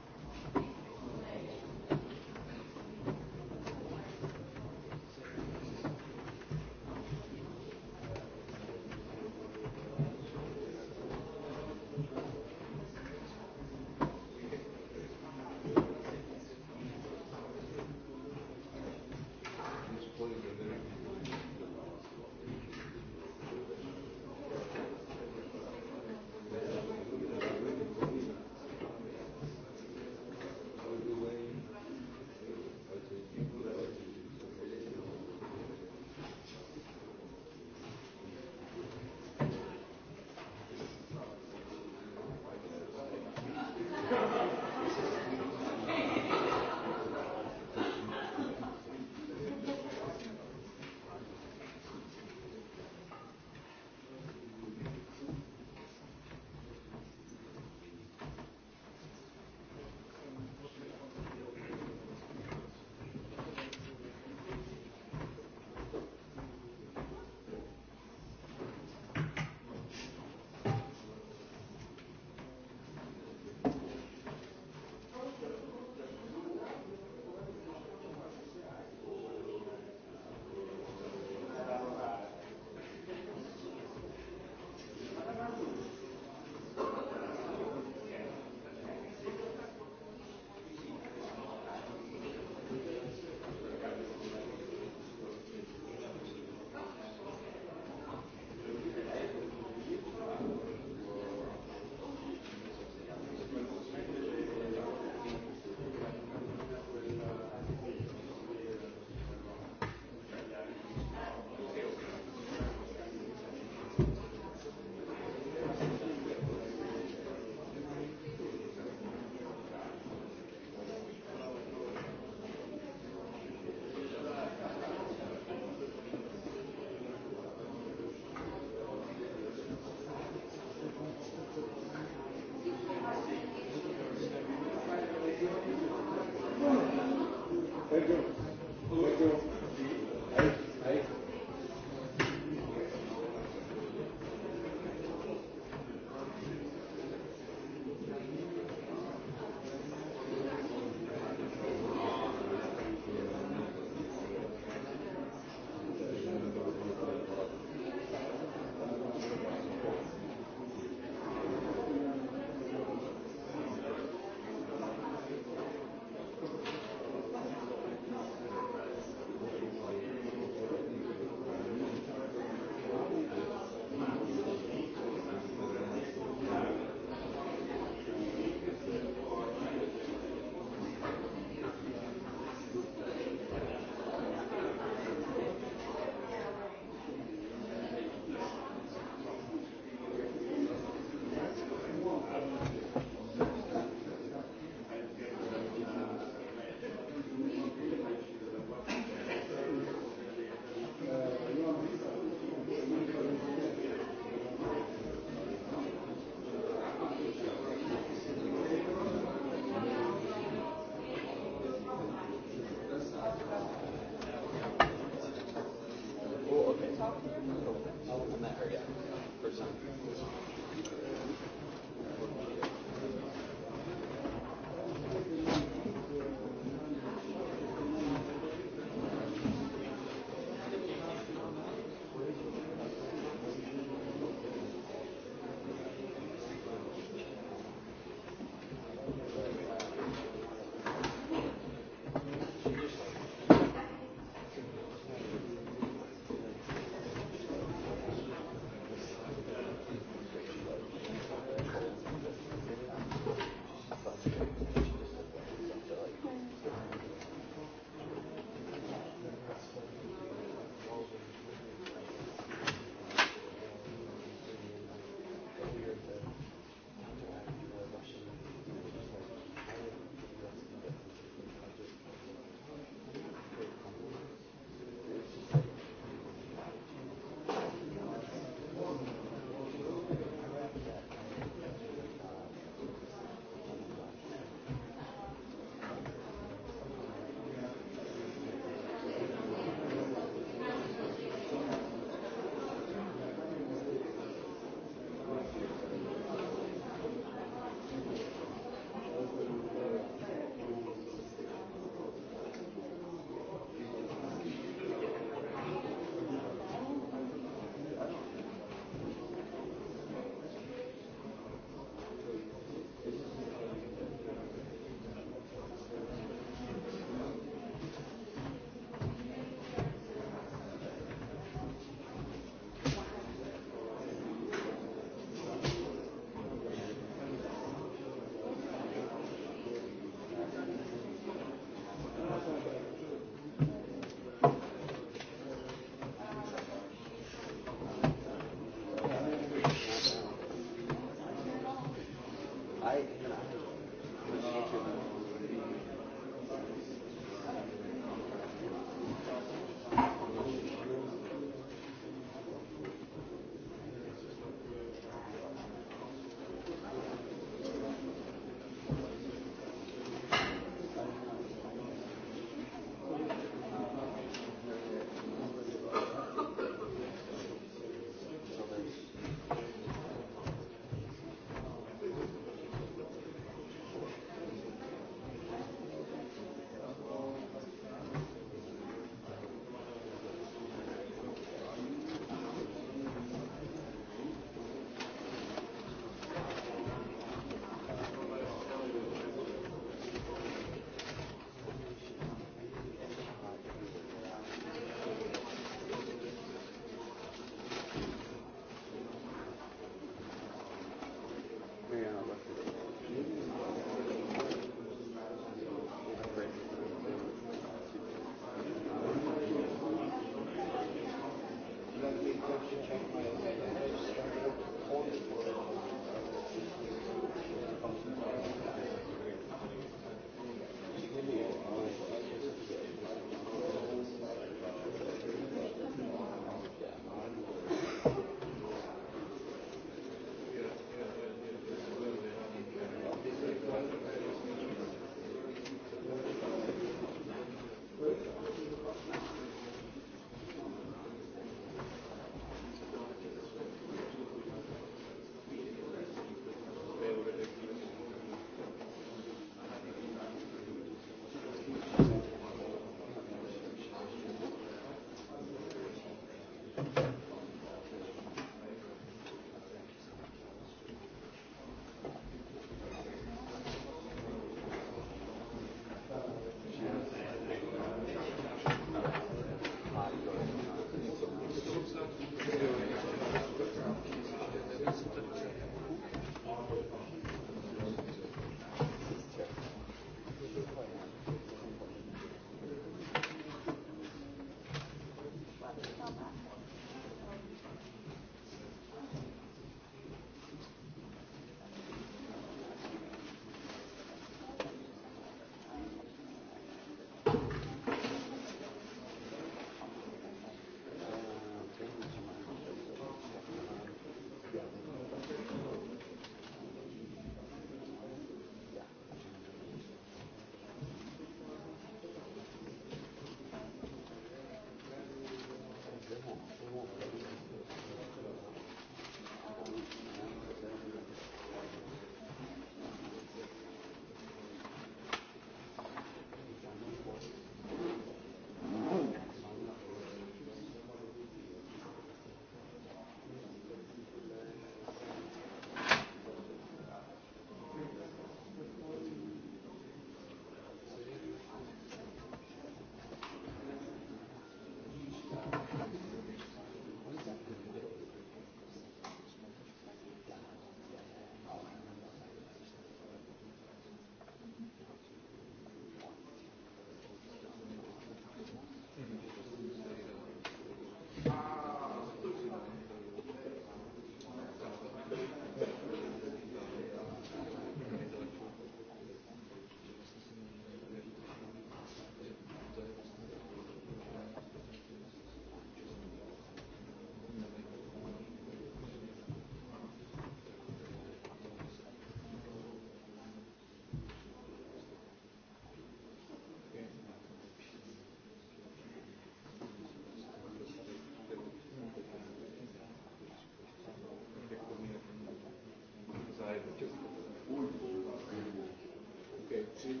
si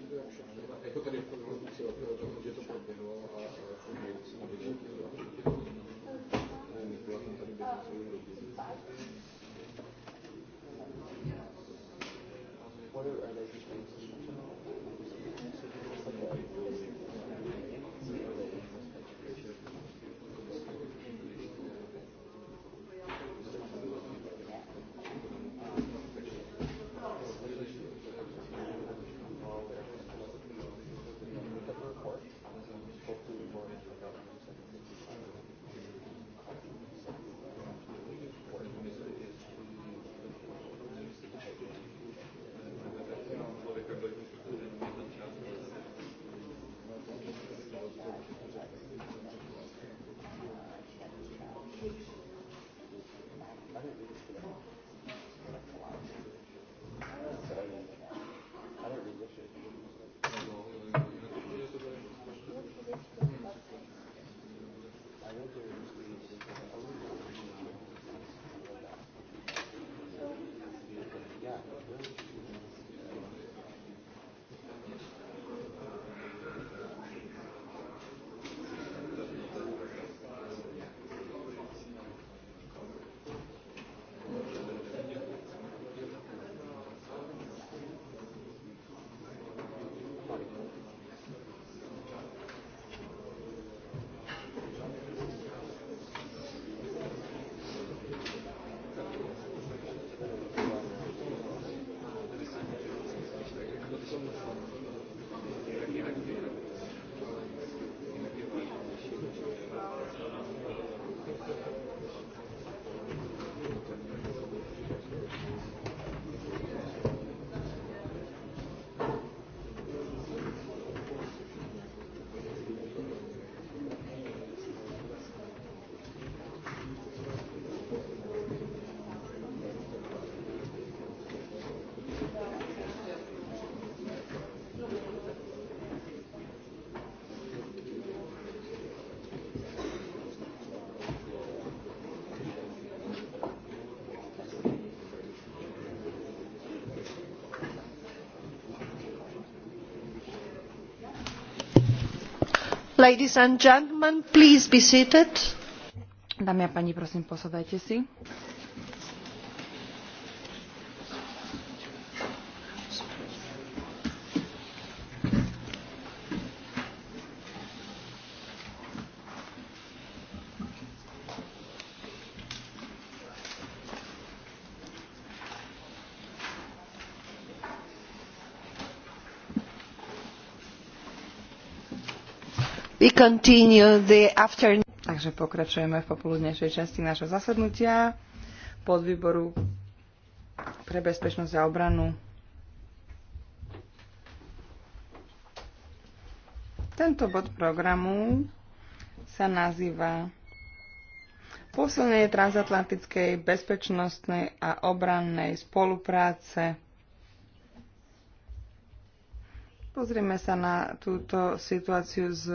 jako tady v produkci, kde to proběhlo a Ladies and gentlemen, please be seated. Dámy a páni, prosím, posadajte si. Takže pokračujeme v popoludnejšej časti nášho zasadnutia pod výboru pre bezpečnosť a obranu. Tento bod programu sa nazýva Posilnenie transatlantickej bezpečnostnej a obrannej spolupráce Pozrime sa na túto situáciu z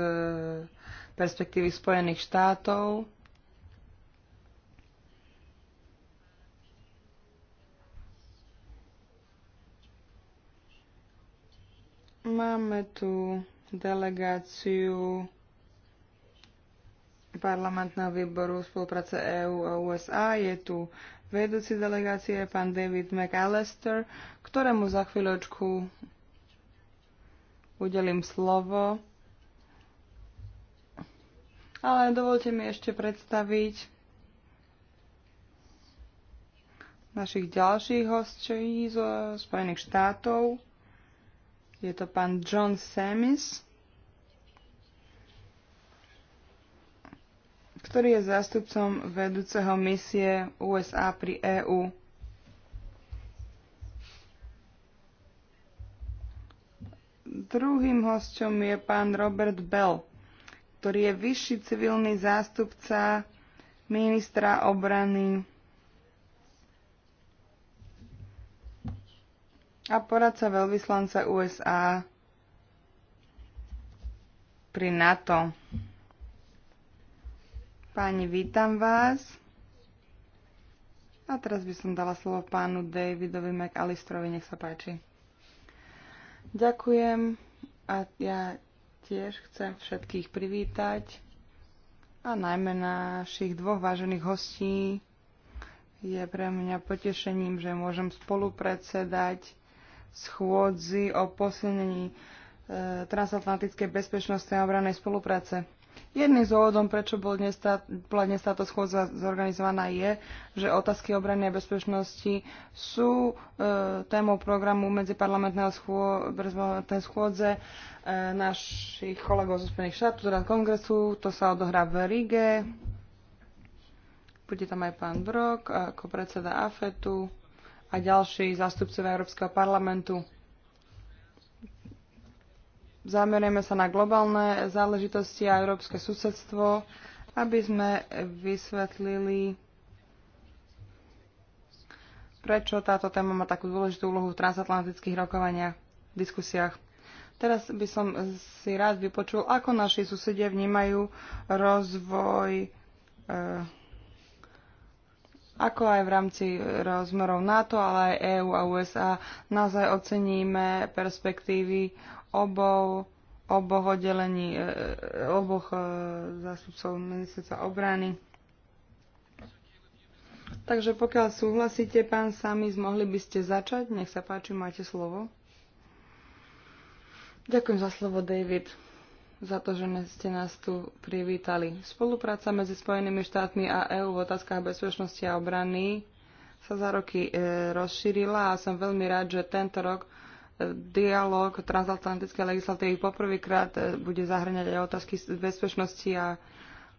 perspektívy Spojených štátov. Máme tu delegáciu parlamentného výboru spolupráce EÚ a USA. Je tu vedúci delegácie pán David McAllister, ktorému za chvíľočku udelím slovo. Ale dovolte mi ešte predstaviť našich ďalších hostí zo Spojených štátov. Je to pán John Samis, ktorý je zástupcom vedúceho misie USA pri EÚ Druhým hosťom je pán Robert Bell, ktorý je vyšší civilný zástupca ministra obrany a poradca veľvyslanca USA pri NATO. Páni, vítam vás. A teraz by som dala slovo pánu Davidovi McAllisterovi, nech sa páči. Ďakujem a ja tiež chcem všetkých privítať a najmä našich dvoch vážených hostí. Je pre mňa potešením, že môžem spolupredsedať schôdzi o posilnení e, transatlantickej bezpečnosti a obranej spolupráce. Jedným z dôvodom, prečo bol dnes tá, bola dnes táto schôdza zorganizovaná, je, že otázky obrany a bezpečnosti sú e, témou programu medziparlamentného schô, schôdze e, našich kolegov zo Spojených štátov, teda kongresu. To sa odohrá v Rige. Bude tam aj pán Brok ako predseda AFETu a ďalší zástupcovia Európskeho parlamentu. Zamerieme sa na globálne záležitosti a európske susedstvo, aby sme vysvetlili, prečo táto téma má takú dôležitú úlohu v transatlantických rokovaniach, diskusiách. Teraz by som si rád vypočul, ako naši susedia vnímajú rozvoj, eh, ako aj v rámci rozmerov NATO, ale aj EÚ a USA. Naozaj oceníme perspektívy obou, oboch oddelení, e, e, oboch e, zástupcov ministerstva obrany. Takže pokiaľ súhlasíte, pán Samis, mohli by ste začať? Nech sa páči, máte slovo. Ďakujem za slovo, David, za to, že ste nás tu privítali. Spolupráca medzi Spojenými štátmi a EÚ v otázkach bezpečnosti a obrany sa za roky e, rozšírila a som veľmi rád, že tento rok dialog transatlantickej legislatívy poprvýkrát e, bude zahŕňať aj otázky bezpečnosti a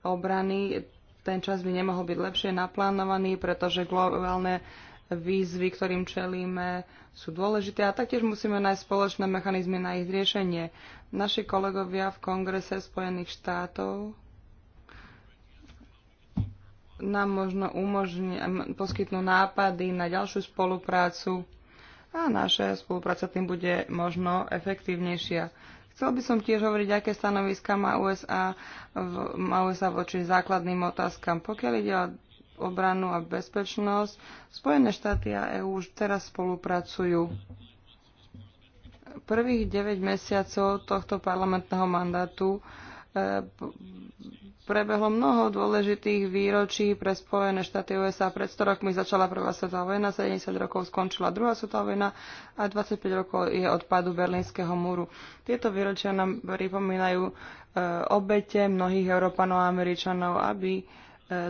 obrany. Ten čas by nemohol byť lepšie naplánovaný, pretože globálne výzvy, ktorým čelíme, sú dôležité a taktiež musíme nájsť spoločné mechanizmy na ich riešenie. Naši kolegovia v Kongrese Spojených štátov nám možno umožni, poskytnú nápady na ďalšiu spoluprácu a naša spolupráca tým bude možno efektívnejšia. Chcel by som tiež hovoriť, aké stanoviska má USA, v, má USA voči základným otázkam. Pokiaľ ide o obranu a bezpečnosť, Spojené štáty a EÚ už teraz spolupracujú. Prvých 9 mesiacov tohto parlamentného mandátu e, prebehlo mnoho dôležitých výročí pre Spojené štáty USA. Pred 100 rokmi začala Prvá svetová vojna, 70 rokov skončila Druhá svetová vojna a 25 rokov je odpadu Berlínskeho múru. Tieto výročia nám pripomínajú e, obete mnohých Európanov a Američanov, aby e,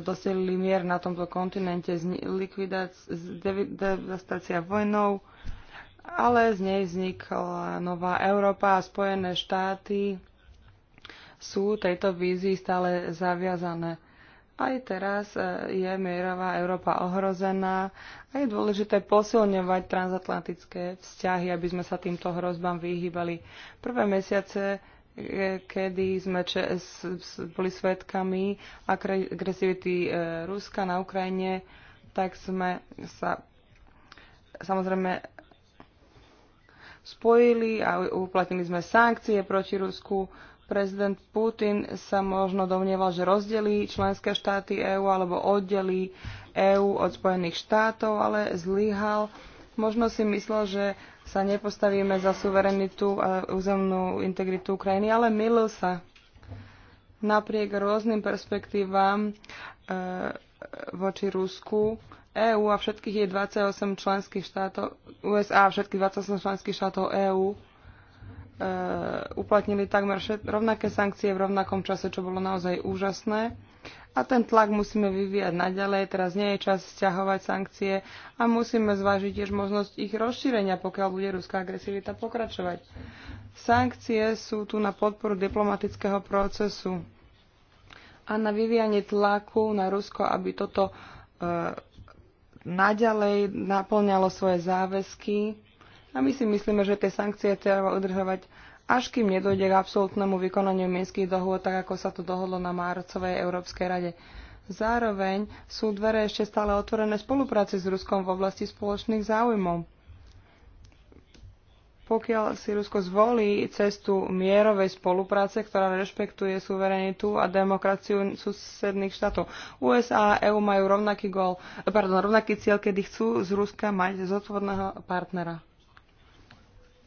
dosielili mier na tomto kontinente, devastácia vojnou, ale z nej vznikla nová Európa a Spojené štáty sú tejto vízii stále zaviazané. Aj teraz e, je mierová Európa ohrozená a je dôležité posilňovať transatlantické vzťahy, aby sme sa týmto hrozbám vyhýbali. Prvé mesiace, e, kedy sme boli svetkami agresivity e, Ruska na Ukrajine, tak sme sa samozrejme spojili a uplatnili sme sankcie proti Rusku Prezident Putin sa možno domnieval, že rozdelí členské štáty EÚ alebo oddelí EÚ od Spojených štátov, ale zlyhal. Možno si myslel, že sa nepostavíme za suverenitu a územnú integritu Ukrajiny, ale milil sa. Napriek rôznym perspektívam e, voči Rusku, EÚ a všetkých jej 28 členských štátov, USA a všetkých 28 členských štátov EÚ Eh, uplatnili takmer všet, rovnaké sankcie v rovnakom čase, čo bolo naozaj úžasné. A ten tlak musíme vyvíjať naďalej, teraz nie je čas stiahovať sankcie a musíme zvážiť tiež možnosť ich rozšírenia, pokiaľ bude ruská agresivita pokračovať. Sankcie sú tu na podporu diplomatického procesu a na vyvíjanie tlaku na Rusko, aby toto e, naďalej naplňalo svoje záväzky a my si myslíme, že tie sankcie treba udržovať až kým nedojde k absolútnemu vykonaniu minských dohôd, tak ako sa to dohodlo na Márcovej Európskej rade. Zároveň sú dvere ešte stále otvorené spolupráci s Ruskom v oblasti spoločných záujmov. Pokiaľ si Rusko zvolí cestu mierovej spolupráce, ktorá rešpektuje suverenitu a demokraciu susedných štátov. USA a EU majú rovnaký, gol, eh, pardon, rovnaký cieľ, kedy chcú z Ruska mať zodpovedného partnera.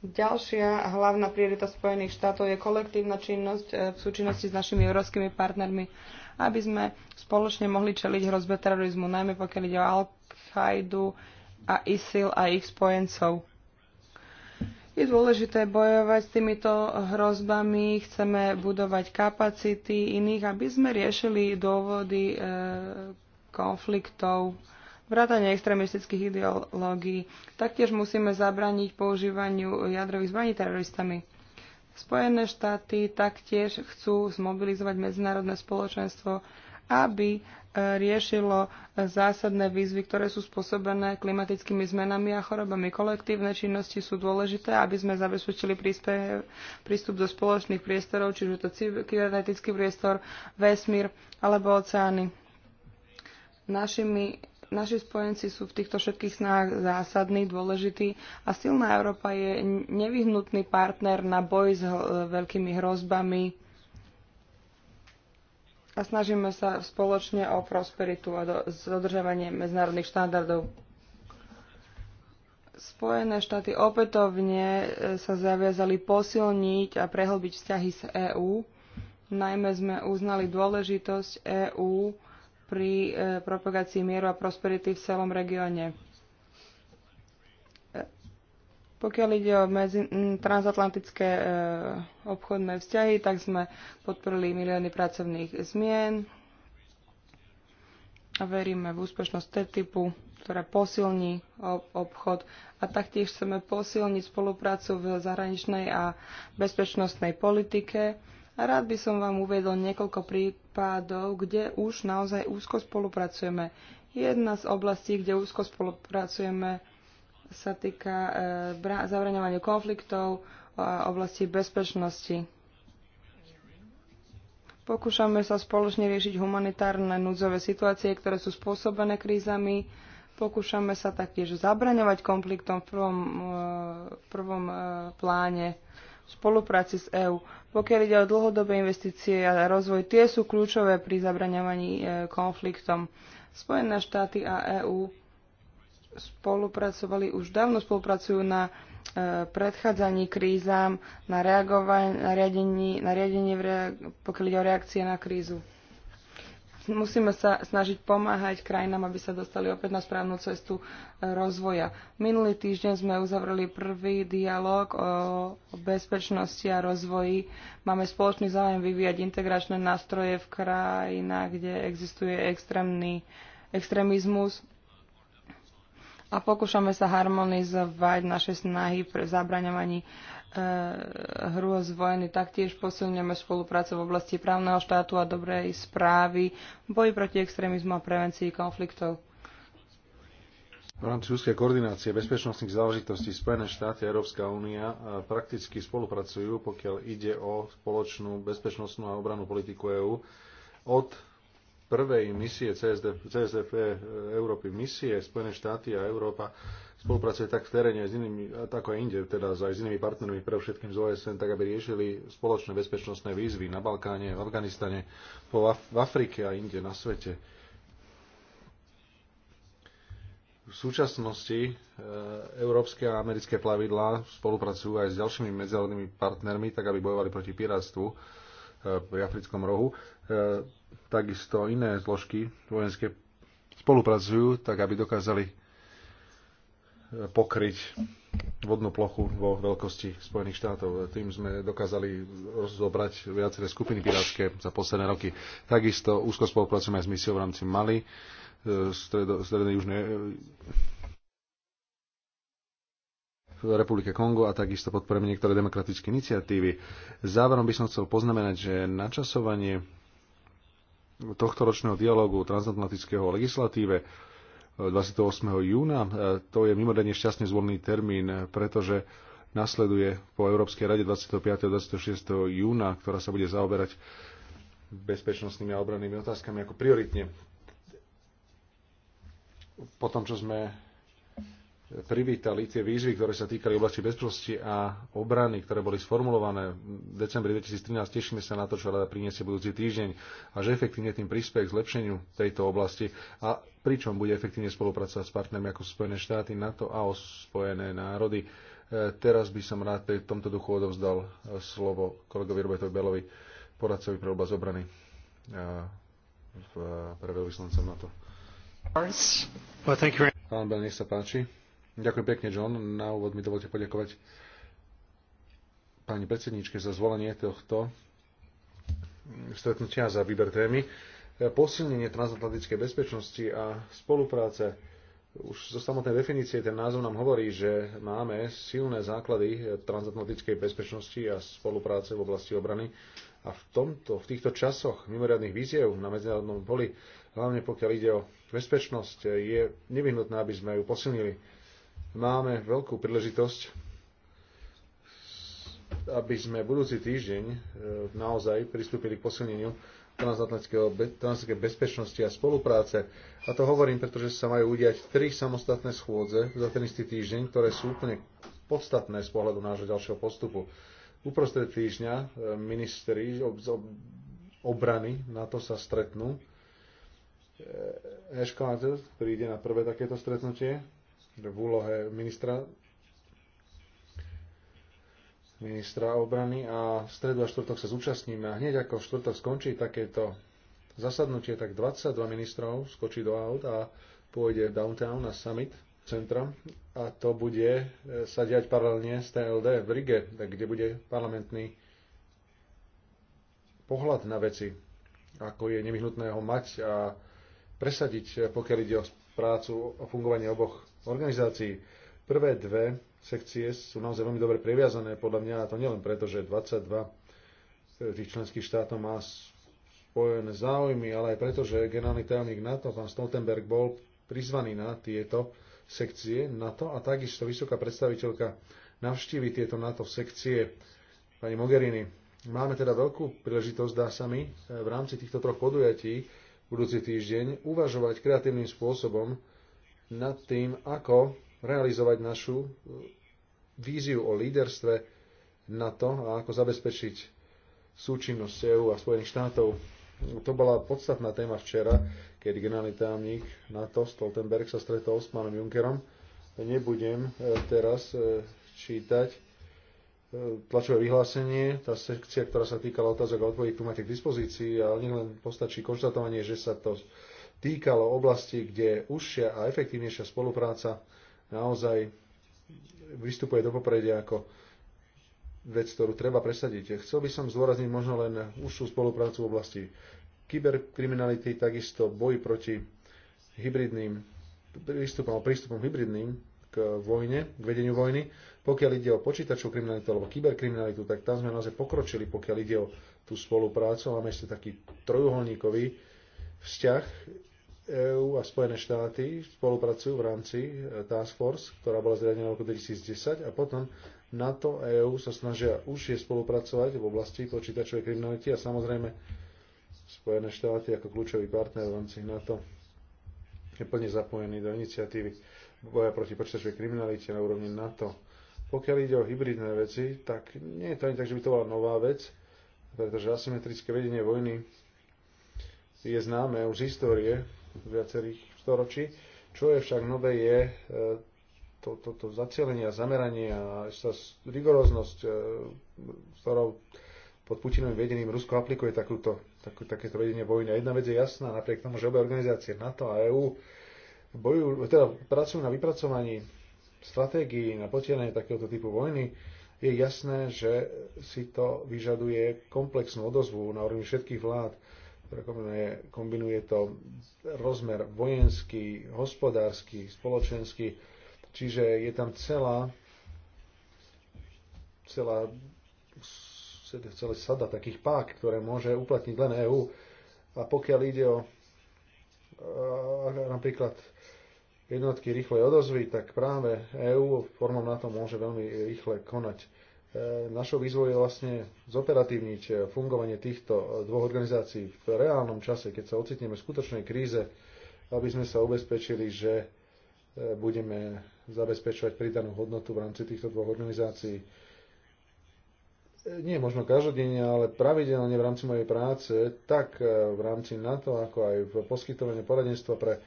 Ďalšia hlavná priorita Spojených štátov je kolektívna činnosť e, v súčinnosti s našimi európskymi partnermi, aby sme spoločne mohli čeliť hrozbe terorizmu, najmä pokiaľ ide o Al-Qaidu a ISIL a ich spojencov. Je dôležité bojovať s týmito hrozbami, chceme budovať kapacity iných, aby sme riešili dôvody e, konfliktov vrátane extremistických ideológií. Taktiež musíme zabrániť používaniu jadrových zbraní teroristami. Spojené štáty taktiež chcú zmobilizovať medzinárodné spoločenstvo, aby e, riešilo zásadné výzvy, ktoré sú spôsobené klimatickými zmenami a chorobami. Kolektívne činnosti sú dôležité, aby sme zabezpečili prístup do spoločných priestorov, čiže to kybernetický priestor, vesmír alebo oceány. Našimi Naši spojenci sú v týchto všetkých snách zásadní, dôležití a silná Európa je nevyhnutný partner na boj s veľkými hrozbami a snažíme sa spoločne o prosperitu a do, dodržovanie medzinárodných štandardov. Spojené štáty opätovne e, sa zaviazali posilniť a prehlbiť vzťahy s EÚ. Najmä sme uznali dôležitosť EÚ pri e, propagácii mieru a prosperity v celom regióne. E, pokiaľ ide o medzi, transatlantické e, obchodné vzťahy, tak sme podporili milióny pracovných zmien a veríme v úspešnosť TTIPu, ktorá posilní obchod a taktiež chceme posilniť spoluprácu v zahraničnej a bezpečnostnej politike. A rád by som vám uvedol niekoľko prí, prípadov, kde už naozaj úzko spolupracujeme. Jedna z oblastí, kde úzko spolupracujeme, sa týka e, zabraňovania konfliktov a e, oblasti bezpečnosti. Pokúšame sa spoločne riešiť humanitárne núdzové situácie, ktoré sú spôsobené krízami. Pokúšame sa taktiež zabraňovať konfliktom v prvom, e, v prvom e, pláne v spolupráci s EÚ. Pokiaľ ide o dlhodobé investície a rozvoj, tie sú kľúčové pri zabraňovaní e, konfliktom. Spojené štáty a EÚ spolupracovali, už dávno spolupracujú na e, predchádzaní krízam, na, reagovanie, na, riadenie, na riadenie pokiaľ ide o reakcie na krízu musíme sa snažiť pomáhať krajinám, aby sa dostali opäť na správnu cestu e, rozvoja. Minulý týždeň sme uzavreli prvý dialog o bezpečnosti a rozvoji. Máme spoločný záujem vyvíjať integračné nástroje v krajinách, kde existuje extrémny extrémizmus a pokúšame sa harmonizovať naše snahy pre zabraňovaní Eh, Hru z vojny. Taktiež posilňujeme spoluprácu v oblasti právneho štátu a dobrej správy, boji proti extrémizmu a prevencii konfliktov. V rámci úzkej koordinácie bezpečnostných záležitostí Spojené štáty a Európska únia eh, prakticky spolupracujú, pokiaľ ide o spoločnú bezpečnostnú a obranú politiku EÚ od prvej misie CSDP, CSDP e, Európy, misie Spojené štáty a Európa spolupracuje tak v teréne, s inými, ako aj inde, teda aj s inými partnermi, pre všetkým z OSN, tak aby riešili spoločné bezpečnostné výzvy na Balkáne, v Afganistane, po Af- v Afrike a inde na svete. V súčasnosti e, európske a americké plavidlá spolupracujú aj s ďalšími medzinárodnými partnermi, tak aby bojovali proti pirátstvu e, pri africkom rohu takisto iné zložky vojenské spolupracujú, tak aby dokázali e, pokryť vodnú plochu vo veľkosti Spojených štátov. Tým sme dokázali rozobrať viaceré skupiny pirátske za posledné roky. Takisto úzko spolupracujeme aj s misiou v rámci Mali, e, stredo, strednej južnej v e, Republike Kongo a takisto podporujeme niektoré demokratické iniciatívy. Záverom by som chcel poznamenať, že načasovanie tohto ročného dialogu transatlantického legislatíve 28. E, júna. E, to je mimoriadne šťastne zvolený termín, pretože nasleduje po Európskej rade 25. a 26. júna, ktorá sa bude zaoberať bezpečnostnými a obrannými otázkami ako prioritne. Po tom, čo sme privítali tie výzvy, ktoré sa týkali oblasti bezpečnosti a obrany, ktoré boli sformulované v decembri 2013. Tešíme sa na to, čo rada priniesie budúci týždeň a že efektívne tým prispieje k zlepšeniu tejto oblasti a pričom bude efektívne spolupracovať s partnermi ako Spojené štáty, NATO a Spojené národy. E, teraz by som rád v tomto duchu odovzdal e, slovo kolegovi Robertovi Belovi, poradcovi pre oblasť obrany e, pre veľvyslancom NATO. Pán Bel, nech sa páči. Ďakujem pekne, John. Na úvod mi dovolte poďakovať pani predsedničke za zvolenie tohto stretnutia za výber témy. Posilnenie transatlantickej bezpečnosti a spolupráce už zo samotnej definície ten názov nám hovorí, že máme silné základy transatlantickej bezpečnosti a spolupráce v oblasti obrany a v, tomto, v týchto časoch mimoriadných víziev na medzinárodnom poli, hlavne pokiaľ ide o bezpečnosť, je nevyhnutné, aby sme ju posilnili Máme veľkú príležitosť, aby sme budúci týždeň e, naozaj pristúpili k posilneniu transatlantické bezpečnosti a spolupráce. A to hovorím, pretože sa majú udiať tri samostatné schôdze za ten istý týždeň, ktoré sú úplne podstatné z pohľadu nášho ďalšieho postupu. Uprostred týždňa e, ministri obrany na to sa stretnú. Ashkanater e, príde na prvé takéto stretnutie v úlohe ministra ministra obrany a v stredu a štvrtok sa zúčastníme a hneď ako v štvrtok skončí takéto zasadnutie, tak 22 ministrov skočí do aut a pôjde downtown na summit centra a to bude e, sa diať paralelne s TLD v Rige, kde bude parlamentný pohľad na veci, ako je nevyhnutné ho mať a presadiť, e, pokiaľ ide o prácu, o fungovanie oboch organizácií. Prvé dve sekcie sú naozaj veľmi dobre previazané, podľa mňa, a to nielen preto, že 22 tých členských štátov má spojené záujmy, ale aj preto, že generálny tajomník NATO, pán Stoltenberg, bol prizvaný na tieto sekcie NATO a takisto vysoká predstaviteľka navštívi tieto NATO sekcie pani Mogherini. Máme teda veľkú príležitosť, dá sa mi, eh, v rámci týchto troch podujatí budúci týždeň uvažovať kreatívnym spôsobom, nad tým, ako realizovať našu e, víziu o líderstve na to a ako zabezpečiť súčinnosť EU a Spojených štátov. To bola podstatná téma včera, keď generálny tajomník NATO Stoltenberg sa stretol s pánom Junckerom. Nebudem e, teraz e, čítať tlačové vyhlásenie, tá sekcia, ktorá sa týkala otázok a odpovedí, tu máte k dispozícii, ale nech len postačí konštatovanie, že sa to týkalo oblasti, kde užšia a efektívnejšia spolupráca naozaj vystupuje do popredia ako vec, ktorú treba presadiť. Chcel by som zdôrazniť možno len užšiu spoluprácu v oblasti kyberkriminality, takisto boj proti hybridným prístupom, prístupom hybridným k vojne, k vedeniu vojny. Pokiaľ ide o počítačovú kriminalitu alebo kyberkriminalitu, tak tam sme naozaj pokročili, pokiaľ ide o tú spoluprácu. Máme ešte taký trojuholníkový vzťah EÚ a Spojené štáty spolupracujú v rámci e, Task Force, ktorá bola zriadená v roku 2010 a potom NATO a EÚ sa snažia užšie spolupracovať v oblasti počítačovej kriminality a samozrejme Spojené štáty ako kľúčový partner v rámci NATO je plne zapojený do iniciatívy boja proti počítačovej kriminalite na úrovni NATO. Pokiaľ ide o hybridné veci, tak nie je to ani tak, že by to bola nová vec, pretože asymetrické vedenie vojny je známe už z histórie, viacerých storočí. Čo je však nové je toto e, to, to zacielenie a zameranie a sa rigoróznosť, e, s ktorou pod Putinovým vedením Rusko aplikuje takúto, takú, takéto vedenie vojny. A jedna vec je jasná, napriek tomu, že obe organizácie NATO a EÚ bojujú, teda pracujú na vypracovaní stratégií na potieranie takéhoto typu vojny, je jasné, že si to vyžaduje komplexnú odozvu na úrovni všetkých vlád prekonané, kombinuje to rozmer vojenský, hospodársky, spoločenský, čiže je tam celá celá celé sada takých pák, ktoré môže uplatniť len EÚ. A pokiaľ ide o napríklad jednotky rýchlej odozvy, tak práve EÚ formou na to môže veľmi rýchle konať Našou výzvou je vlastne zoperatívniť fungovanie týchto dvoch organizácií v reálnom čase, keď sa ocitneme v skutočnej kríze, aby sme sa ubezpečili, že e, budeme zabezpečovať pridanú hodnotu v rámci týchto dvoch organizácií. E, nie možno každodenne, ale pravidelne v rámci mojej práce, tak e, v rámci NATO, ako aj v poskytovaní poradenstva pre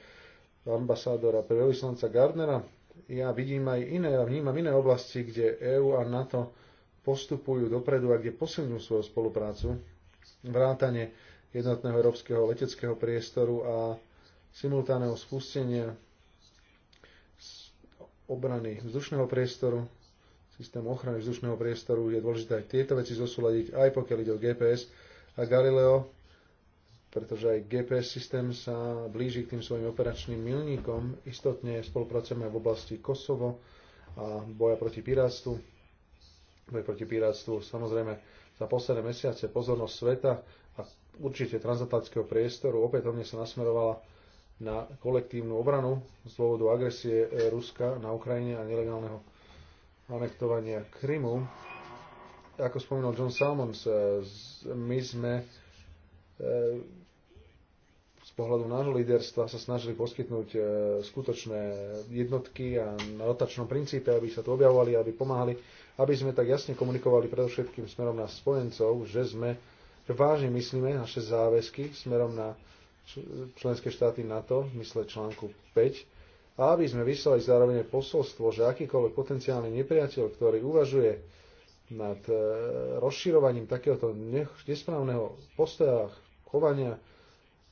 ambasádora, pre veľvyslanca Gardnera, ja vidím aj iné a vnímam iné oblasti, kde EÚ a NATO postupujú dopredu a kde posilňujú svoju spoluprácu, vrátane jednotného európskeho leteckého priestoru a simultánneho spustenia obrany vzdušného priestoru, systém ochrany vzdušného priestoru, je dôležité aj tieto veci zosúľadiť, aj pokiaľ ide o GPS a Galileo, pretože aj GPS systém sa blíži k tým svojim operačným milníkom. Istotne spolupracujeme v oblasti Kosovo a boja proti pirátstvu boj proti pirátstvu. Samozrejme, za posledné mesiace pozornosť sveta a určite transatlantického priestoru opätovne sa nasmerovala na kolektívnu obranu z dôvodu agresie e, Ruska na Ukrajine a nelegálneho anektovania Krymu. Ako spomínal John Salmons, e, my sme e, z pohľadu nášho líderstva sa snažili poskytnúť skutočné jednotky a na rotačnom princípe, aby sa tu objavovali, aby pomáhali aby sme tak jasne komunikovali predovšetkým smerom na spojencov, že sme že vážne myslíme naše záväzky smerom na členské štáty NATO v mysle článku 5 a aby sme vyslali zároveň posolstvo, že akýkoľvek potenciálny nepriateľ, ktorý uvažuje nad e, rozširovaním takéhoto nesprávneho postoja, chovania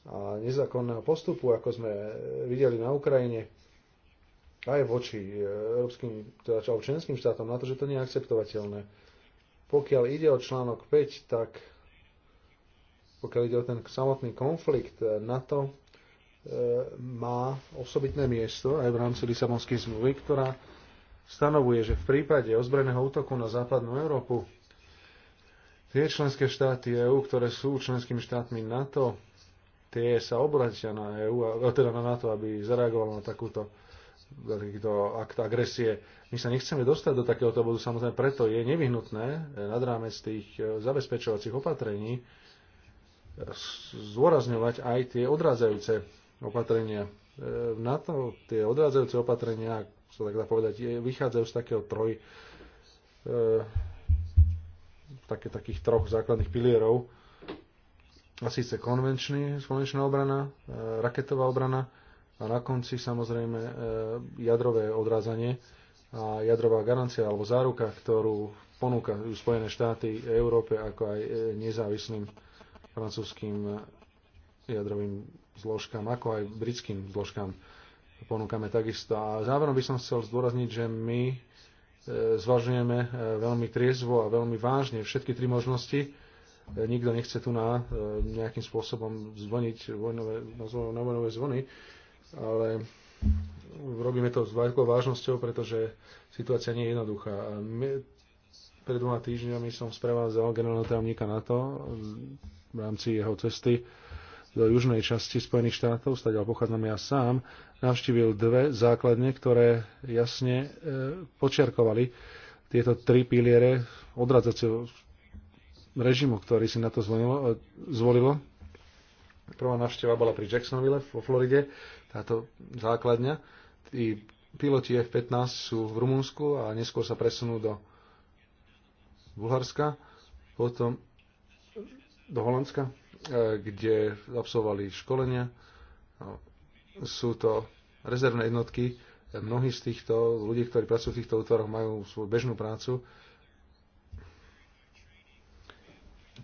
a nezákonného postupu, ako sme e, videli na Ukrajine, aj voči e, európskym, teda členským štátom na to, že to nie je akceptovateľné. Pokiaľ ide o článok 5, tak pokiaľ ide o ten samotný konflikt, e, NATO e, má osobitné miesto aj v rámci Lisabonskej zmluvy, ktorá stanovuje, že v prípade ozbrojeného útoku na západnú Európu tie členské štáty EÚ, ktoré sú členskými štátmi NATO, tie sa obratia na EU, teda na NATO, aby zareagovalo na takúto takýchto akt agresie. My sa nechceme dostať do takéhoto bodu, samozrejme preto je nevyhnutné e, nad rámec tých e, zabezpečovacích opatrení e, zdôrazňovať aj tie odrádzajúce opatrenia. Na to tie odrádzajúce opatrenia, ak sa tak dá povedať, vychádzajú z takého troj, také, takých troch základných pilierov, a síce konvenčný, konvenčná obrana, raketová obrana a na konci samozrejme e, jadrové odrázanie a jadrová garancia alebo záruka, ktorú ponúka Spojené štáty Európe ako aj e, nezávislým francúzským e, jadrovým zložkám, ako aj britským zložkám ponúkame takisto. A záverom by som chcel zdôrazniť, že my zvažujeme veľmi triezvo a veľmi vážne všetky tri možnosti. Nikto nechce tu na nejakým spôsobom zvoniť vojnové, na vojnové zvony ale robíme to s veľkou vážnosťou, pretože situácia nie je jednoduchá. My, pred dvoma týždňami som sprevádzal generálneho tajomníka NATO v rámci jeho cesty do južnej časti Spojených štátov, stadiaľ pochádzam ja sám, navštívil dve základne, ktoré jasne e, počiarkovali tieto tri piliere odradzacieho režimu, ktorý si na to zvolilo. E, zvolilo. Prvá návšteva bola pri Jacksonville vo Floride, táto základňa. Tí piloti F-15 sú v Rumunsku a neskôr sa presunú do Bulharska, potom do Holandska, e, kde absolvovali školenia. No, sú to rezervné jednotky. Mnohí z týchto ľudí, ktorí pracujú v týchto útvaroch, majú svoju bežnú prácu.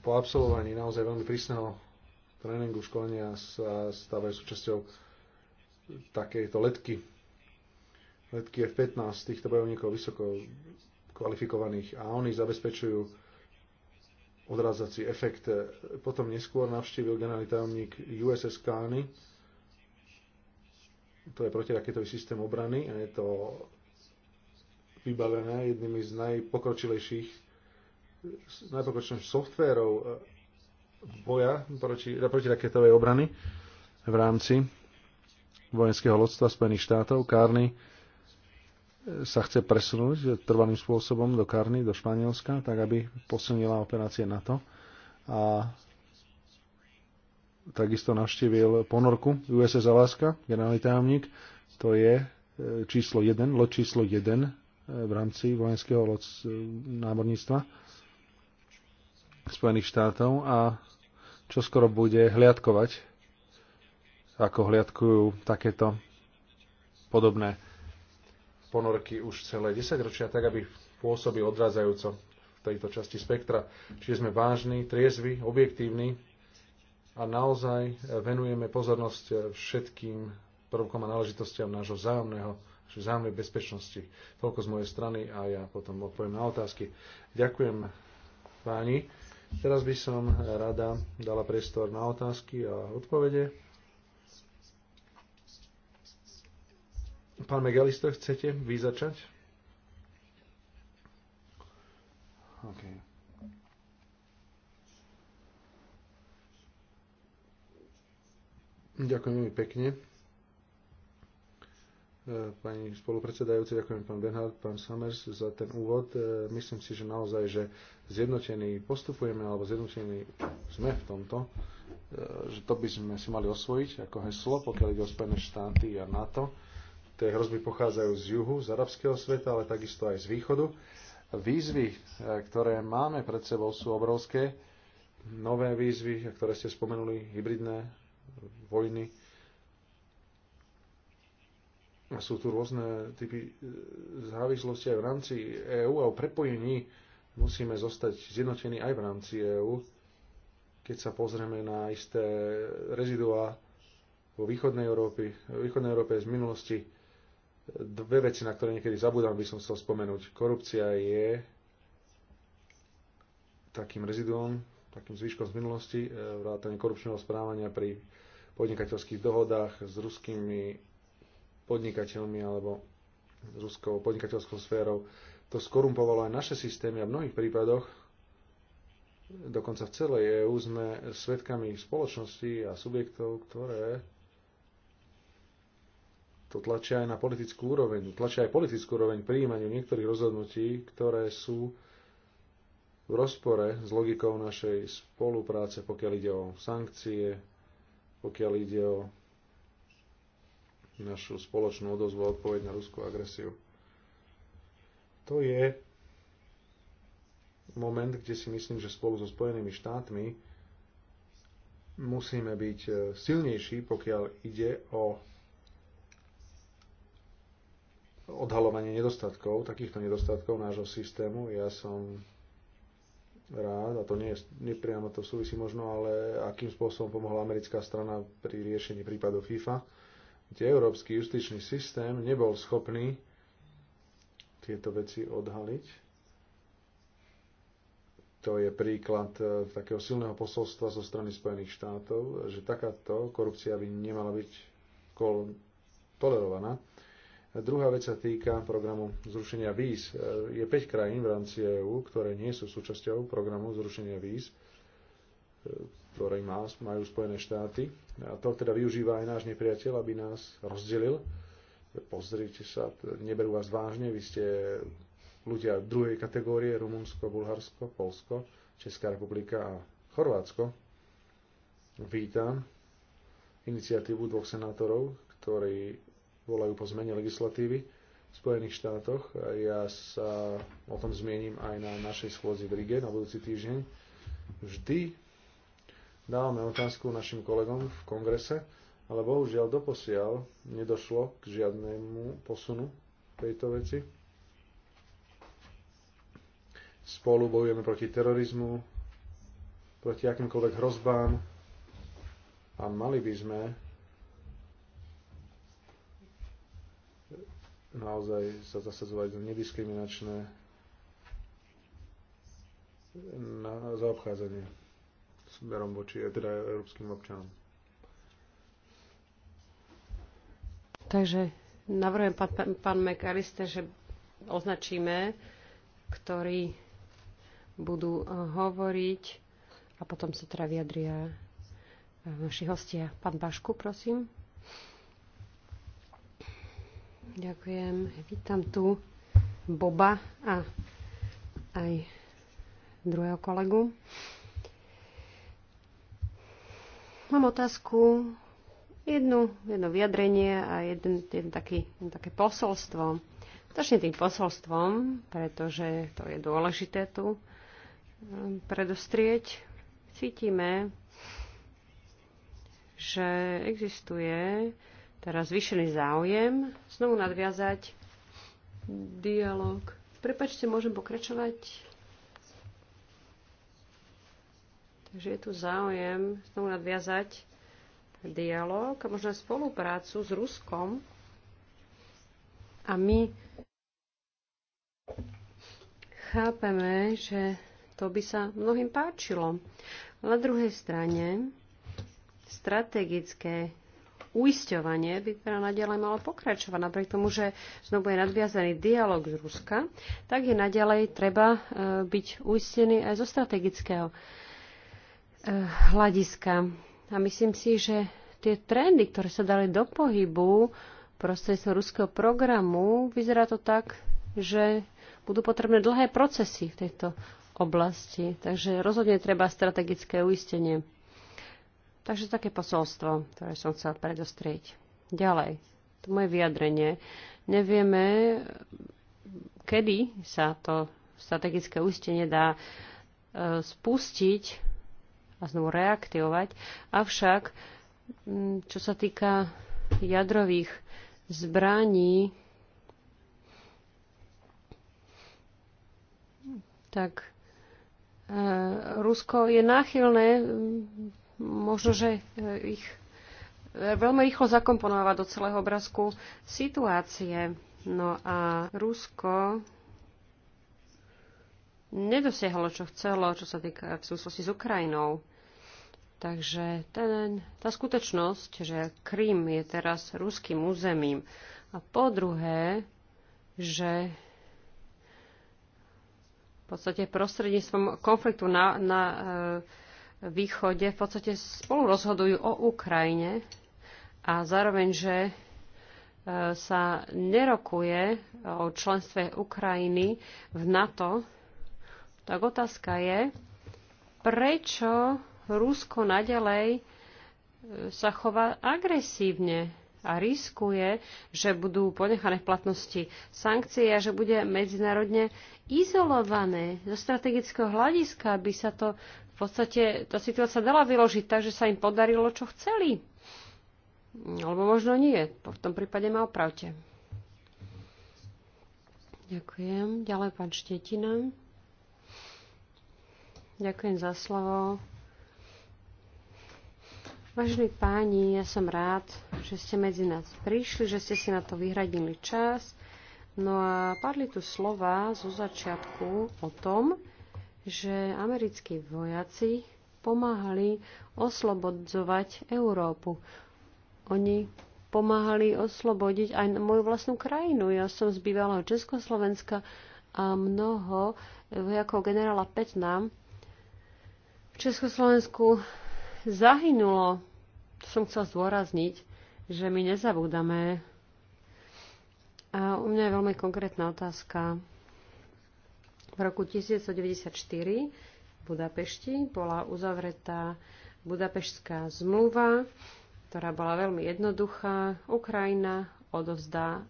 Po absolvovaní naozaj veľmi prísneho tréningu, školenia sa stávajú súčasťou takéto letky, letky F-15 týchto bojovníkov vysoko kvalifikovaných a oni zabezpečujú odrádzací efekt. Potom neskôr navštívil generálny tajomník USS Kány, to je protiraketový systém obrany a je to vybavené jednými z najpokročilejších najpokročilejších softvérov boja proti, proti raketovej obrany v rámci vojenského lodstva Spojených štátov, Kárny, e, sa chce presunúť trvaným spôsobom do Kárny, do Španielska, tak aby posunila operácie NATO. A takisto navštívil ponorku USS Alaska, generálny tajomník. To je e, číslo 1, loď číslo 1 e, v rámci vojenského loď námorníctva Spojených štátov a čo skoro bude hliadkovať ako hliadkujú takéto podobné ponorky už celé 10 ročia, tak aby pôsobil odrádzajúco v tejto časti spektra. Čiže sme vážni, triezvi, objektívni a naozaj venujeme pozornosť všetkým prvkom a náležitostiam nášho vzájomného vzájomnej bezpečnosti. Toľko z mojej strany a ja potom odpoviem na otázky. Ďakujem páni. Teraz by som rada dala priestor na otázky a odpovede. Pán Megalisto, chcete vy začať? OK. Ďakujem veľmi pekne. E, pani spolupredsedajúci, ďakujem pán Benhard, pán Summers za ten úvod. E, myslím si, že naozaj, že zjednotení postupujeme, alebo zjednotení sme v tomto, e, že to by sme si mali osvojiť ako heslo, pokiaľ ide o Spojené štáty a NATO Tie hrozby pochádzajú z juhu, z arabského sveta, ale takisto aj z východu. Výzvy, eh, ktoré máme pred sebou, sú obrovské. Nové výzvy, ktoré ste spomenuli, hybridné vojny. Sú tu rôzne typy eh, závislosti aj v rámci EÚ a o prepojení musíme zostať zjednotení aj v rámci EÚ. Keď sa pozrieme na isté reziduá vo východnej Európe, východnej Európe z minulosti, Dve veci, na ktoré niekedy zabudám, by som chcel spomenúť. Korupcia je takým reziduom, takým zvyškom z minulosti, e, vrátane korupčného správania pri podnikateľských dohodách s ruskými podnikateľmi alebo s ruskou podnikateľskou sférou. To skorumpovalo aj naše systémy a v mnohých prípadoch, dokonca v celej EÚ, sme svedkami spoločnosti a subjektov, ktoré to tlačia aj na politickú úroveň, tlačia aj politickú úroveň príjmaniu niektorých rozhodnutí, ktoré sú v rozpore s logikou našej spolupráce, pokiaľ ide o sankcie, pokiaľ ide o našu spoločnú odozvu a odpoveď na ruskú agresiu. To je moment, kde si myslím, že spolu so Spojenými štátmi musíme byť silnejší, pokiaľ ide o odhalovanie nedostatkov, takýchto nedostatkov nášho systému. Ja som rád, a to nie je nepriamo to súvisí možno, ale akým spôsobom pomohla americká strana pri riešení prípadov FIFA, kde európsky justičný systém nebol schopný tieto veci odhaliť. To je príklad e, takého silného posolstva zo strany Spojených štátov, že takáto korupcia by nemala byť tolerovaná Druhá vec sa týka programu zrušenia víz. Je 5 krajín v rámci EÚ, ktoré nie sú súčasťou programu zrušenia víz, ktoré má, majú Spojené štáty. A to teda využíva aj náš nepriateľ, aby nás rozdelil. Pozrite sa, neberú vás vážne, vy ste ľudia druhej kategórie, Rumunsko, Bulharsko, Polsko, Česká republika a Chorvátsko. Vítam iniciatívu dvoch senátorov, ktorí volajú po zmene legislatívy v Spojených štátoch. Ja sa o tom zmiením aj na našej schôzi v Rige na budúci týždeň. Vždy dávame otázku našim kolegom v kongrese, ale bohužiaľ doposiaľ nedošlo k žiadnemu posunu tejto veci. Spolu bojujeme proti terorizmu, proti akýmkoľvek hrozbám a mali by sme naozaj sa zasadzovať za nediskriminačné na, na zaobchádzanie smerom voči eh, teda európskym občanom. Takže navrhujem pán, pán, pán McAllister, že označíme, ktorí budú eh, hovoriť a potom sa teda vyjadria eh, naši hostia. Pán Bašku, prosím. Ďakujem. Vítam tu Boba a aj druhého kolegu. Mám otázku, jednu, jedno vyjadrenie a jeden, jeden taký, jeden také posolstvo. Začne tým posolstvom, pretože to je dôležité tu um, predostrieť. Cítime, že existuje teraz zvýšený záujem, znovu nadviazať dialog. Prepačte, môžem pokračovať? Takže je tu záujem znovu nadviazať dialog a možno spoluprácu s Ruskom. A my chápeme, že to by sa mnohým páčilo. Na druhej strane strategické uisťovanie by teda naďalej malo pokračovať. Napriek tomu, že znovu je nadviazaný dialog z Ruska, tak je naďalej treba e, byť uistený aj zo strategického e, hľadiska. A myslím si, že tie trendy, ktoré sa dali do pohybu prostredstvom ruského programu, vyzerá to tak, že budú potrebné dlhé procesy v tejto oblasti. Takže rozhodne treba strategické uistenie. Takže také posolstvo, ktoré som chcel predostrieť. Ďalej, to moje vyjadrenie. Nevieme, kedy sa to strategické ústenie dá e, spustiť a znovu reaktivovať. Avšak, čo sa týka jadrových zbraní, tak e, Rusko je náchylné možno, že e, ich e, veľmi rýchlo zakomponovať do celého obrázku situácie. No a Rusko nedosiahlo, čo chcelo, čo sa týka v súvislosti s Ukrajinou. Takže ten, tá skutočnosť, že Krím je teraz ruským územím a po druhé, že v podstate prostredníctvom konfliktu na, na e, východe v podstate spolu rozhodujú o Ukrajine a zároveň, že e, sa nerokuje o členstve Ukrajiny v NATO, tak otázka je, prečo Rusko nadalej e, sa chová agresívne a riskuje, že budú ponechané v platnosti sankcie a že bude medzinárodne izolované. Zo strategického hľadiska aby sa to podstate tá situácia dala vyložiť tak, že sa im podarilo, čo chceli. Alebo možno nie. V tom prípade ma opravte. Ďakujem. Ďalej pán Štetina. Ďakujem za slovo. Vážení páni, ja som rád, že ste medzi nás prišli, že ste si na to vyhradili čas. No a padli tu slova zo začiatku o tom, že americkí vojaci pomáhali oslobodzovať Európu. Oni pomáhali oslobodiť aj moju vlastnú krajinu. Ja som z bývalého Československa a mnoho vojakov generála Petna v Československu zahynulo. To som chcela zdôrazniť, že my nezabúdame. A u mňa je veľmi konkrétna otázka. V roku 1994 v Budapešti bola uzavretá Budapešská zmluva, ktorá bola veľmi jednoduchá. Ukrajina odovzdá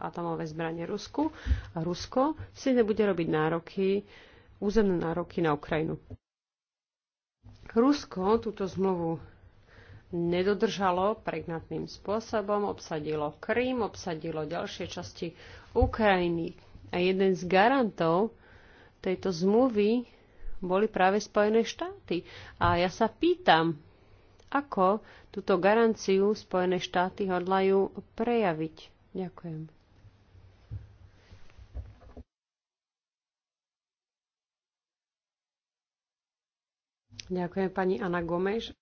atomové zbranie Rusku a Rusko si nebude robiť nároky, územné nároky na Ukrajinu. Rusko túto zmluvu nedodržalo pregnatným spôsobom, obsadilo Krym, obsadilo ďalšie časti Ukrajiny. A jeden z garantov tejto zmluvy boli práve Spojené štáty. A ja sa pýtam, ako túto garanciu Spojené štáty hodlajú prejaviť. Ďakujem. Ďakujem pani Ana Gomeš.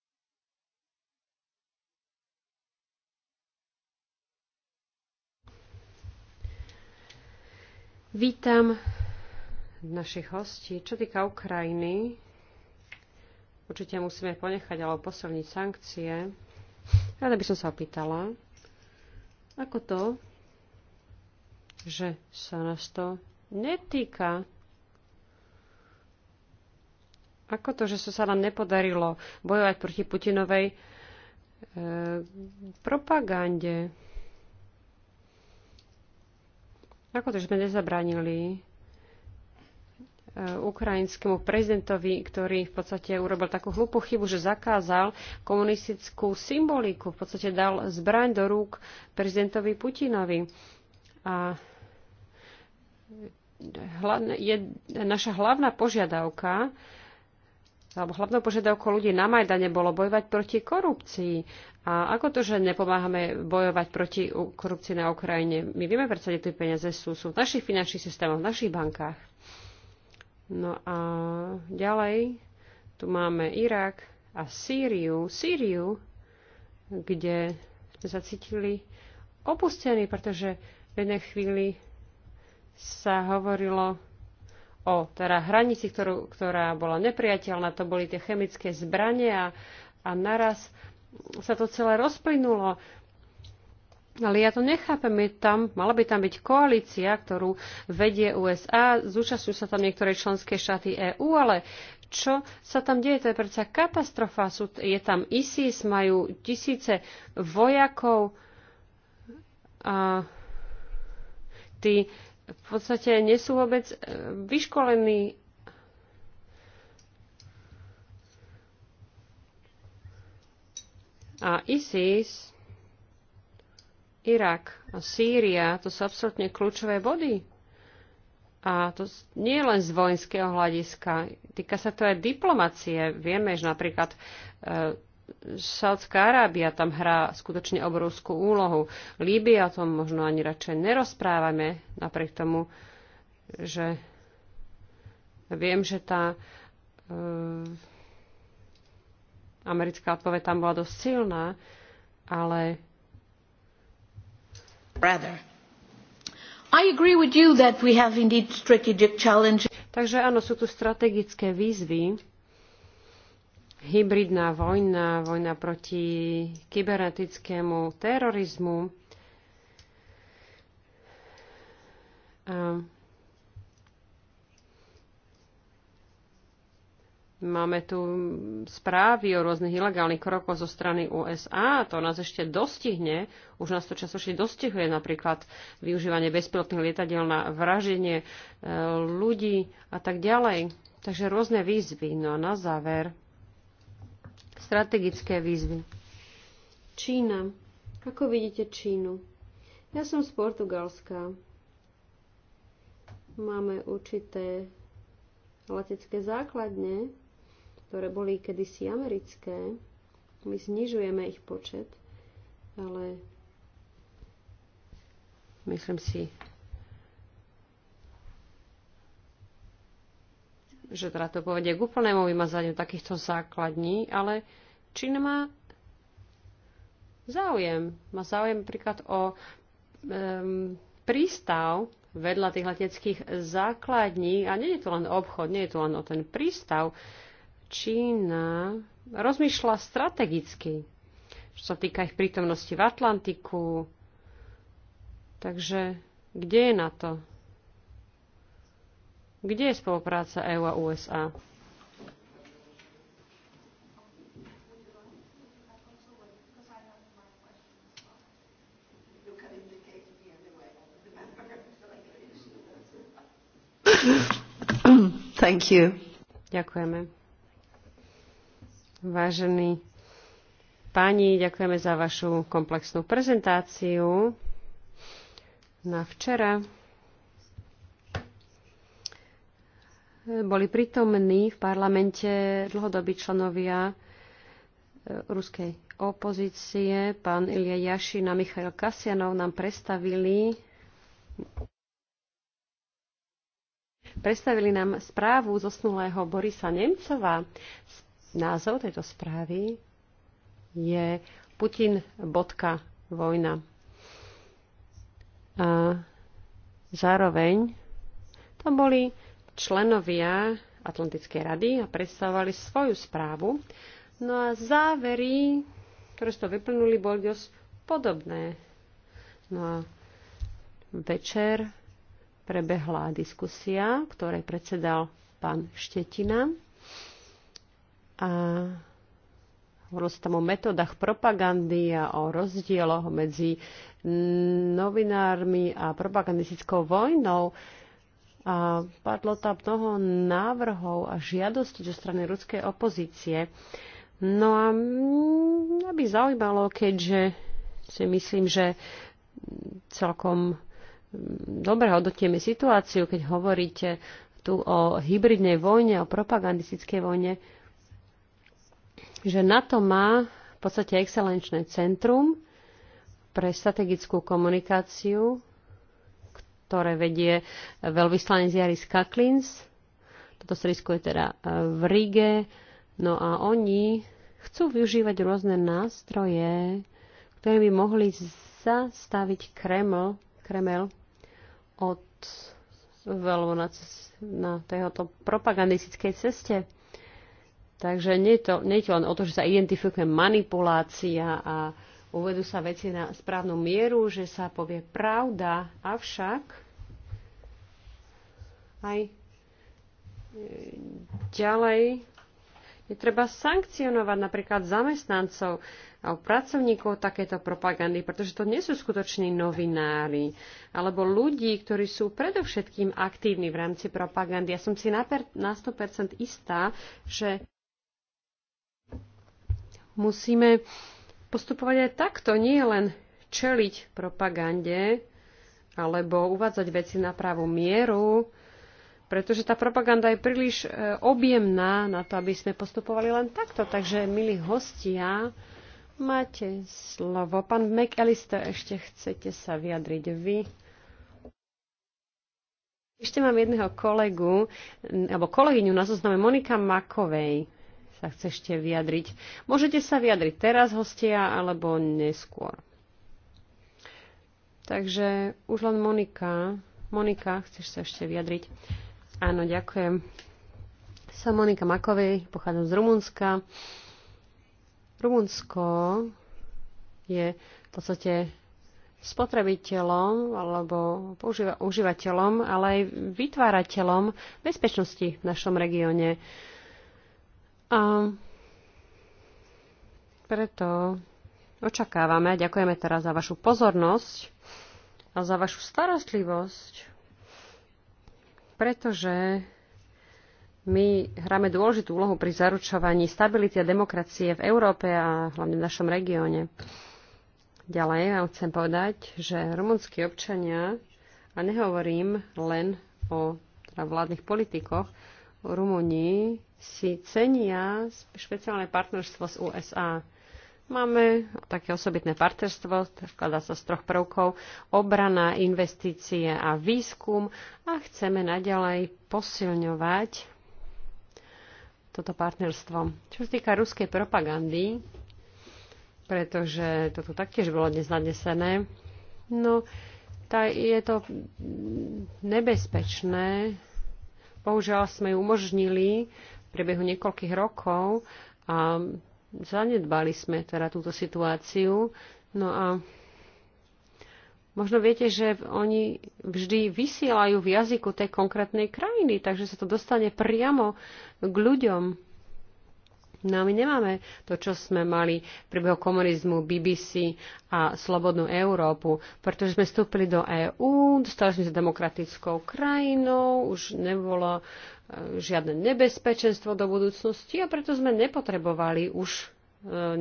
Vítam našich hostí. Čo týka Ukrajiny, určite musíme ponechať alebo posilniť sankcie. Rada by som sa opýtala, ako to, že sa nás to netýka. Ako to, že sa nám nepodarilo bojovať proti Putinovej e, propagande? Ako to, že sme nezabránili Eh, ukrajinskému prezidentovi, ktorý v podstate urobil takú hlupú chybu, že zakázal komunistickú symboliku, v podstate dal zbraň do rúk prezidentovi Putinovi. A je naša hlavná požiadavka, alebo hlavnou požiadavkou ľudí na Majdane bolo bojovať proti korupcii. A ako to, že nepomáhame bojovať proti korupcii na Ukrajine? My vieme, prečo tie peniaze sú, sú v našich finančných systémoch, v našich bankách. No a ďalej tu máme Irak a Sýriu. Sýriu, kde sme sa cítili opustení, pretože v jednej chvíli sa hovorilo o teda hranici, ktorú, ktorá bola nepriateľná, to boli tie chemické zbranie a, a naraz sa to celé rozplynulo. Ale ja to nechápem, je tam, mala by tam byť koalícia, ktorú vedie USA, zúčastňujú sa tam niektoré členské štáty EÚ, ale čo sa tam deje? To je predsa katastrofa. Sú, je tam ISIS, majú tisíce vojakov a tí v podstate nie sú vôbec e, vyškolení a ISIS Irak a Sýria, to sú absolútne kľúčové body. A to nie len z vojenského hľadiska, týka sa to aj diplomacie. Vieme, že napríklad e, Saudská Arábia tam hrá skutočne obrovskú úlohu. Líbia o tom možno ani radšej nerozprávame, napriek tomu, že viem, že tá e, americká odpoveď tam bola dosť silná, ale Takže áno, sú tu strategické výzvy. Hybridná vojna, vojna proti kybernetickému terorizmu. A Máme tu správy o rôznych ilegálnych krokoch zo strany USA. To nás ešte dostihne. Už nás to časočne dostihuje napríklad využívanie bezpilotných lietadiel na vraženie e, ľudí a tak ďalej. Takže rôzne výzvy. No a na záver strategické výzvy. Čína. Ako vidíte Čínu? Ja som z Portugalska. Máme určité letecké základne, ktoré boli kedysi americké. My znižujeme ich počet, ale myslím si, že teda to povedie k úplnému vymazaniu takýchto základní, ale Čína má záujem. Má záujem napríklad o um, prístav vedľa tých leteckých základní a nie je to len obchod, nie je to len o ten prístav. Čína rozmýšľa strategicky, čo sa týka ich prítomnosti v Atlantiku. Takže kde je na to? Kde je spolupráca EU a USA? Thank you. Ďakujeme. Vážení páni, ďakujeme za vašu komplexnú prezentáciu na včera. Boli prítomní v parlamente dlhodobí členovia e, ruskej opozície. Pán Ilia Jašin a Michail Kasianov nám predstavili predstavili nám správu zosnulého Borisa Nemcova názov tejto správy je Putin bodka vojna. A zároveň tam boli členovia Atlantickej rady a predstavovali svoju správu. No a závery, ktoré z toho vyplnuli, boli dosť podobné. No a večer prebehla diskusia, ktorej predsedal pán Štetina a hovorilo sa tam o metodách propagandy a o rozdieloch medzi novinármi a propagandistickou vojnou. A padlo tam mnoho návrhov a žiadosti zo strany ruskej opozície. No a mňa by zaujímalo, keďže si myslím, že celkom dobre hodnotíme situáciu, keď hovoríte tu o hybridnej vojne, o propagandistickej vojne že NATO má v podstate excelenčné centrum pre strategickú komunikáciu, ktoré vedie veľvyslanec Jaris Kaklins. Toto stredisko je teda e, v Rige. No a oni chcú využívať rôzne nástroje, ktoré by mohli zastaviť Kreml, Kreml od veľvo na, na tejto propagandistickej ceste. Takže nie je to, nie je to len o to, že sa identifikuje manipulácia a uvedú sa veci na správnu mieru, že sa povie pravda, avšak aj e, ďalej je treba sankcionovať napríklad zamestnancov a pracovníkov takéto propagandy, pretože to nie sú skutoční novinári, alebo ľudí, ktorí sú predovšetkým aktívni v rámci propagandy. Ja som si na 100% istá, že musíme postupovať aj takto, nie len čeliť propagande alebo uvádzať veci na pravú mieru, pretože tá propaganda je príliš e, objemná na to, aby sme postupovali len takto. Takže, milí hostia, máte slovo. Pán McAllister, ešte chcete sa vyjadriť vy? Ešte mám jedného kolegu, alebo kolegyňu na zozname Monika Makovej sa chce ešte vyjadriť. Môžete sa vyjadriť teraz, hostia, alebo neskôr. Takže už len Monika. Monika, chceš sa ešte vyjadriť? Áno, ďakujem. Som Monika Makovej, pochádzam z Rumunska. Rumunsko je v podstate spotrebiteľom alebo používa, užívateľom, ale aj vytvárateľom bezpečnosti v našom regióne. A preto očakávame, ďakujeme teraz za vašu pozornosť a za vašu starostlivosť, pretože my hráme dôležitú úlohu pri zaručovaní stability a demokracie v Európe a hlavne v našom regióne. Ďalej vám chcem povedať, že rumunskí občania, a nehovorím len o teda vládnych politikoch, Rumunii si cenia špeciálne partnerstvo z USA. Máme také osobitné partnerstvo, vkladá sa z troch prvkov, obrana, investície a výskum a chceme naďalej posilňovať toto partnerstvo. Čo sa týka ruskej propagandy, pretože toto taktiež bolo dnes nadnesené, no tá, je to nebezpečné. Bohužiaľ sme ju umožnili priebehu niekoľkých rokov a zanedbali sme teda túto situáciu. No a možno viete, že oni vždy vysielajú v jazyku tej konkrétnej krajiny, takže sa to dostane priamo k ľuďom. No my nemáme to, čo sme mali v priebehu komunizmu, BBC a Slobodnú Európu, pretože sme vstúpili do EÚ, stali sme sa demokratickou krajinou, už nebolo e, žiadne nebezpečenstvo do budúcnosti a preto sme nepotrebovali už e,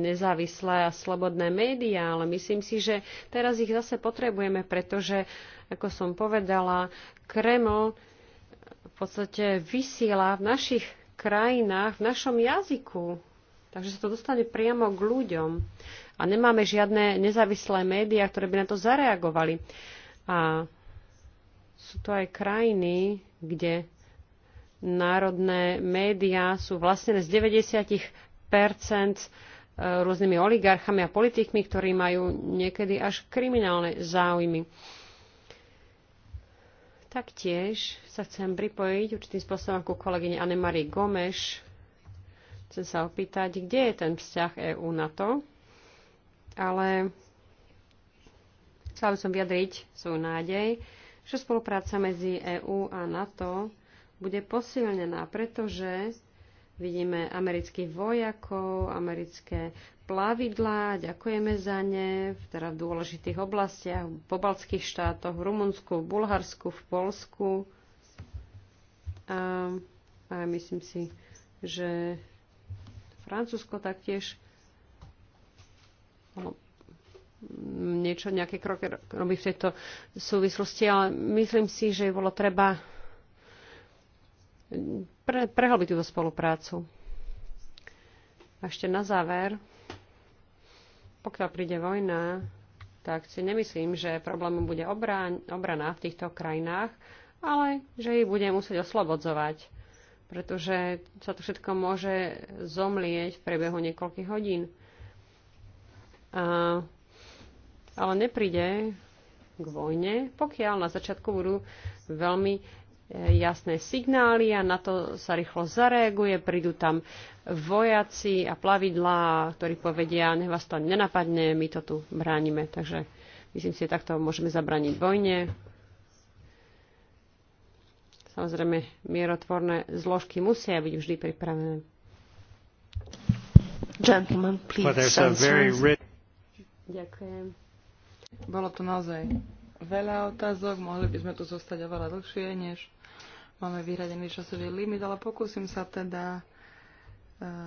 nezávislé a slobodné médiá, ale myslím si, že teraz ich zase potrebujeme, pretože, ako som povedala, Kreml v podstate vysiela v našich krajinách v našom jazyku. Takže sa to dostane priamo k ľuďom. A nemáme žiadne nezávislé médiá, ktoré by na to zareagovali. A sú to aj krajiny, kde národné médiá sú vlastnené z 90 e, rôznymi oligarchami a politikmi, ktorí majú niekedy až kriminálne záujmy. Taktiež sa chcem pripojiť určitým spôsobom ku kolegyne Anne-Marie Gomeš. Chcem sa opýtať, kde je ten vzťah EÚ na to, ale chcela by som vyjadriť svoju nádej, že spolupráca medzi EÚ a NATO bude posilnená, pretože vidíme amerických vojakov, americké plavidlá, ďakujeme za ne, teda v dôležitých oblastiach, v pobaltských štátoch, v Rumunsku, v Bulharsku, v Polsku. A, a myslím si, že Francúzsko taktiež no, niečo, nejaké kroky robí v tejto súvislosti, ale myslím si, že bolo treba pre, prehlbiť túto spoluprácu. A ešte na záver pokiaľ príde vojna, tak si nemyslím, že problémom bude obrán, obrana v týchto krajinách, ale že ich bude musieť oslobodzovať, pretože sa to všetko môže zomlieť v priebehu niekoľkých hodín. A, ale nepríde k vojne, pokiaľ na začiatku budú veľmi E, jasné signály a na to sa rýchlo zareaguje. Prídu tam vojaci a plavidlá, ktorí povedia, nech vás to nenapadne, my to tu bránime. Takže myslím si, že takto môžeme zabrániť vojne. Samozrejme, mierotvorné zložky musia byť vždy pripravené. Gentlemen, please. Ďakujem. Bolo to naozaj veľa otázok, mohli by sme tu zostať oveľa dlhšie, než Máme vyhradený časový limit, ale pokúsim sa teda e,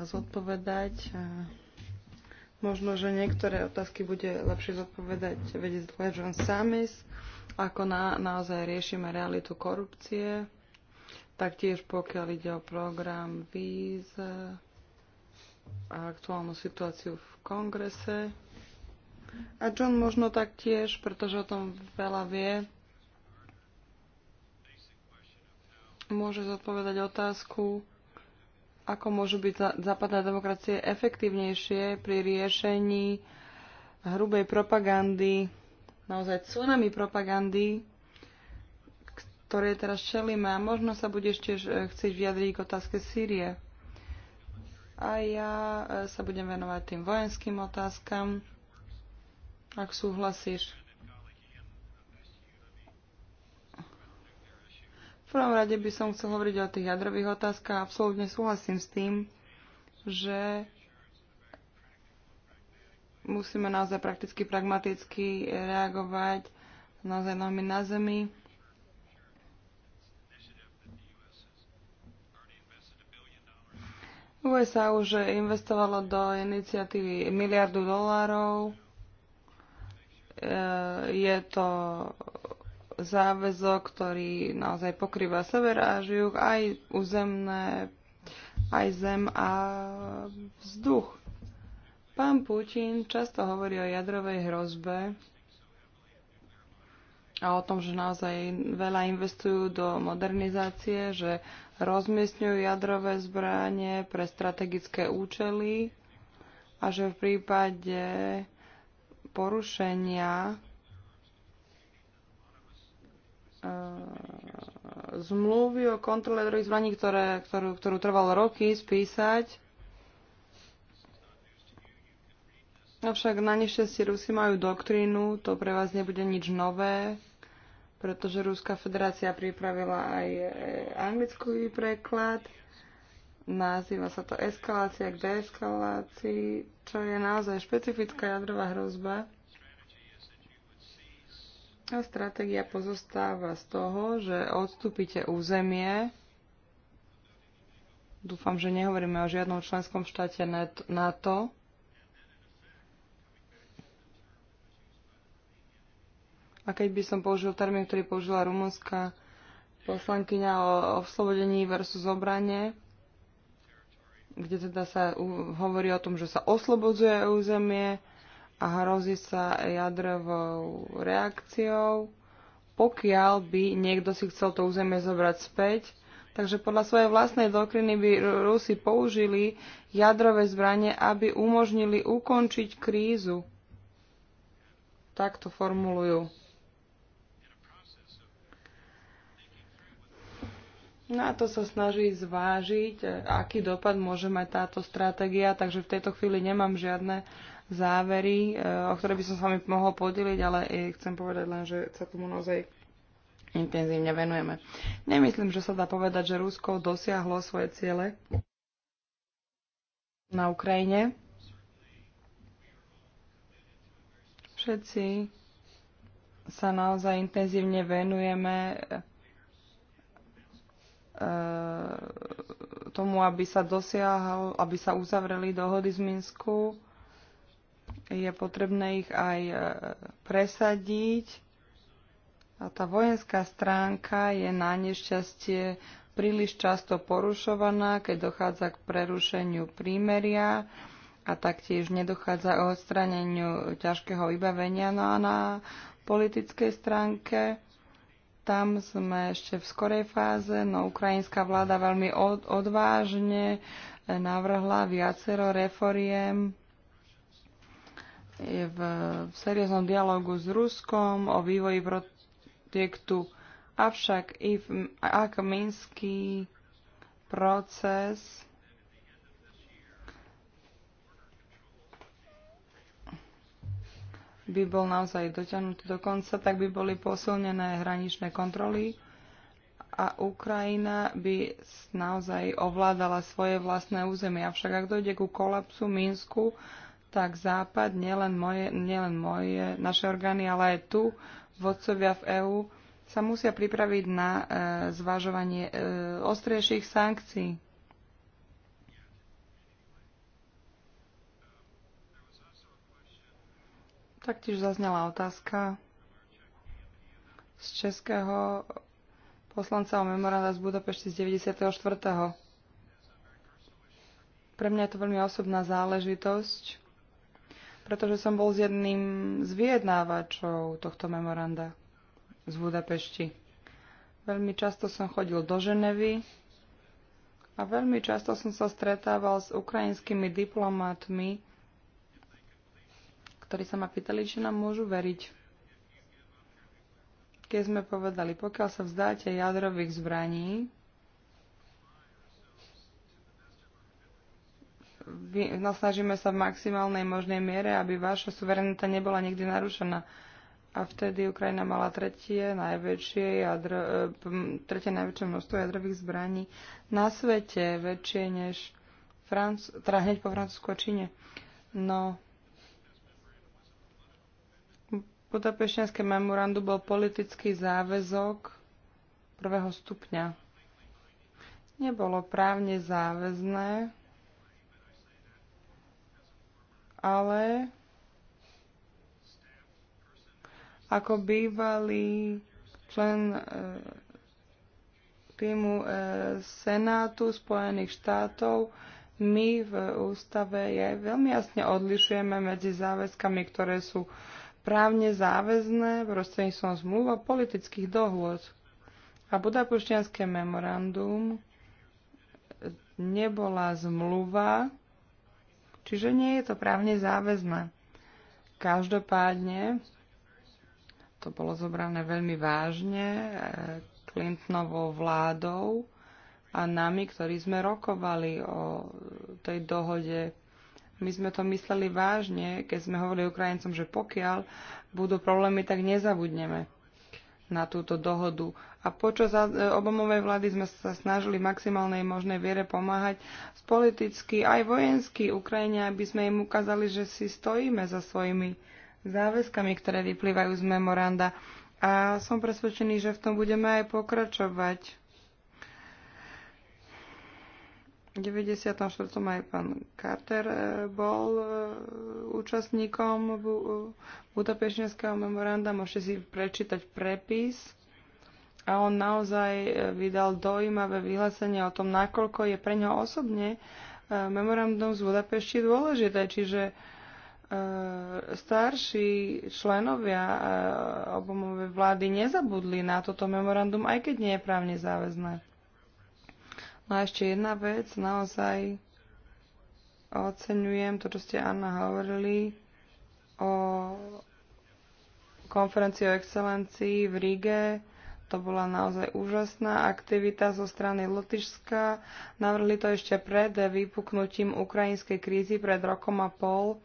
zodpovedať. E, možno, že niektoré otázky bude lepšie zodpovedať vedieť Legion Samis, ako na, naozaj riešime realitu korupcie. Taktiež pokiaľ ide o program víz a aktuálnu situáciu v kongrese. A John možno taktiež, pretože o tom veľa vie, môže zodpovedať otázku, ako môžu byť západné demokracie efektívnejšie pri riešení hrubej propagandy, naozaj tsunami propagandy, ktoré teraz čelíme. A možno sa bude ešte chcieť vyjadriť k otázke Sýrie. A ja e, sa budem venovať tým vojenským otázkam, ak súhlasíš. V prvom rade by som chcel hovoriť o tých jadrových otázkach. Absolútne súhlasím s tým, že musíme naozaj prakticky, pragmaticky reagovať naozaj nohmi na zemi. USA už investovalo do iniciatívy miliardu dolárov. E, je to záväzok, ktorý naozaj pokrýva sever a juh, aj územné, aj zem a vzduch. Pán Putin často hovorí o jadrovej hrozbe a o tom, že naozaj veľa investujú do modernizácie, že rozmiestňujú jadrové zbranie pre strategické účely a že v prípade porušenia E, zmluvy o kontrole druhých zbraní, ktoré, ktorú, ktorú trvalo roky spísať. Avšak na nešťastie Rusi majú doktrínu, to pre vás nebude nič nové, pretože Ruská federácia pripravila aj e, anglický preklad. Nazýva sa to eskalácia k deeskalácii, čo je naozaj špecifická jadrová hrozba. A stratégia pozostáva z toho, že odstúpite územie. Dúfam, že nehovoríme o žiadnom členskom štáte NATO. A keď by som použil termín, ktorý použila rumunská poslankyňa o oslobodení versus obrane, kde teda sa hovorí o tom, že sa oslobodzuje územie, a hrozí sa jadrovou reakciou, pokiaľ by niekto si chcel to územie zobrať späť. Takže podľa svojej vlastnej dokriny by Rusi použili jadrové zbranie, aby umožnili ukončiť krízu. Tak to formulujú. Na no to sa snaží zvážiť, aký dopad môže mať táto stratégia, takže v tejto chvíli nemám žiadne uh, závery, e, o ktoré by som s vami mohol podeliť, ale chcem povedať len, že sa tomu naozaj intenzívne venujeme. Nemyslím, že sa dá povedať, že Rusko dosiahlo svoje ciele na Ukrajine. Všetci sa naozaj intenzívne venujeme e, tomu, aby sa dosiahol, aby sa uzavreli dohody z Minsku je potrebné ich aj e, presadiť. A tá vojenská stránka je na nešťastie príliš často porušovaná, keď dochádza k prerušeniu prímeria a taktiež nedochádza k odstraneniu ťažkého vybavenia. No a na politickej stránke tam sme ešte v skorej fáze, no ukrajinská vláda veľmi odvážne navrhla viacero reforiem je v serióznom dialogu s Ruskom o vývoji projektu, avšak i ak minský proces by bol naozaj dotiahnutý do konca, tak by boli posilnené hraničné kontroly a Ukrajina by naozaj ovládala svoje vlastné územie. Avšak ak dojde ku kolapsu Minsku, tak Západ, nielen, moje, nielen moje, naše orgány, ale aj tu vodcovia v EÚ sa musia pripraviť na e, zvažovanie e, ostriejších sankcií. Taktiež zaznela otázka z českého poslanca o memoranda z Budapešti z 94. Pre mňa je to veľmi osobná záležitosť pretože som bol s jedným z vyjednávačov tohto memoranda z Budapešti. Veľmi často som chodil do Ženevy a veľmi často som sa stretával s ukrajinskými diplomatmi, ktorí sa ma pýtali, či nám môžu veriť. Keď sme povedali, pokiaľ sa vzdáte jadrových zbraní, No, snažíme sa v maximálnej možnej miere, aby vaša suverenita nebola nikdy narušená. A vtedy Ukrajina mala tretie najväčšie, jadro, e, tretie najväčšie množstvo jadrových zbraní na svete, väčšie než Franc- teda hneď po Francúzsku a Číne. No, Budapešťanské memorandum bol politický záväzok prvého stupňa. Nebolo právne záväzné, ale ako bývalý člen e, týmu e, Senátu Spojených štátov my v ústave je veľmi jasne odlišujeme medzi záväzkami, ktoré sú právne záväzné prostredníctvom zmluv a politických dohôd. A budapuštianské memorandum e, nebola zmluva, Čiže nie je to právne záväzné. Každopádne to bolo zobrané veľmi vážne e, Clintonovou vládou a nami, ktorí sme rokovali o tej dohode. My sme to mysleli vážne, keď sme hovorili Ukrajincom, že pokiaľ budú problémy, tak nezabudneme na túto dohodu a počas obomovej vlády sme sa snažili maximálnej možnej viere pomáhať z politicky aj vojensky Ukrajine, aby sme im ukázali, že si stojíme za svojimi záväzkami, ktoré vyplývajú z memoranda. A som presvedčený, že v tom budeme aj pokračovať. V 94. aj pán Carter e, bol e, účastníkom e, Budapešťanského memoranda. Môžete si prečítať prepis a on naozaj e, vydal dojímavé vyhlásenie o tom, nakoľko je pre ňo osobne e, memorandum z Budapešti dôležité. Čiže e, starší členovia obomovej vlády nezabudli na toto memorandum, aj keď nie je právne záväzné. No a ešte jedna vec, naozaj oceňujem to, čo ste Anna hovorili o konferencii o excelencii v Ríge to bola naozaj úžasná aktivita zo strany Lotyšska. Navrhli to ešte pred vypuknutím ukrajinskej krízy pred rokom a pol.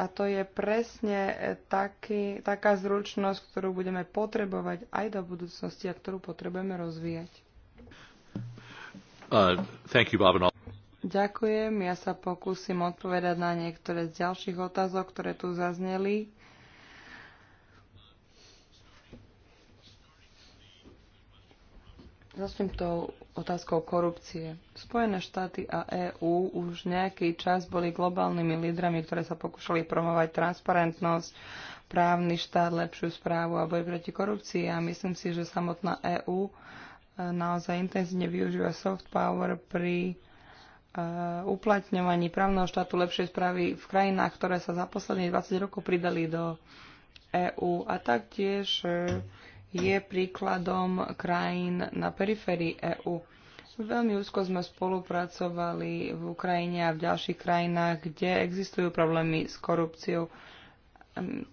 A to je presne taký, taká zručnosť, ktorú budeme potrebovať aj do budúcnosti a ktorú potrebujeme rozvíjať. Uh, thank you, Bob, and all. Ďakujem. Ja sa pokúsim odpovedať na niektoré z ďalších otázok, ktoré tu zazneli. Začnem tou otázkou korupcie. Spojené štáty a EÚ už nejaký čas boli globálnymi lídrami, ktoré sa pokúšali promovať transparentnosť, právny štát, lepšiu správu a boj proti korupcii. A myslím si, že samotná EÚ e, naozaj intenzívne využíva soft power pri e, uplatňovaní právneho štátu lepšej správy v krajinách, ktoré sa za posledných 20 rokov pridali do EÚ a taktiež e, je príkladom krajín na periférii EÚ. Veľmi úzko sme spolupracovali v Ukrajine a v ďalších krajinách, kde existujú problémy s korupciou.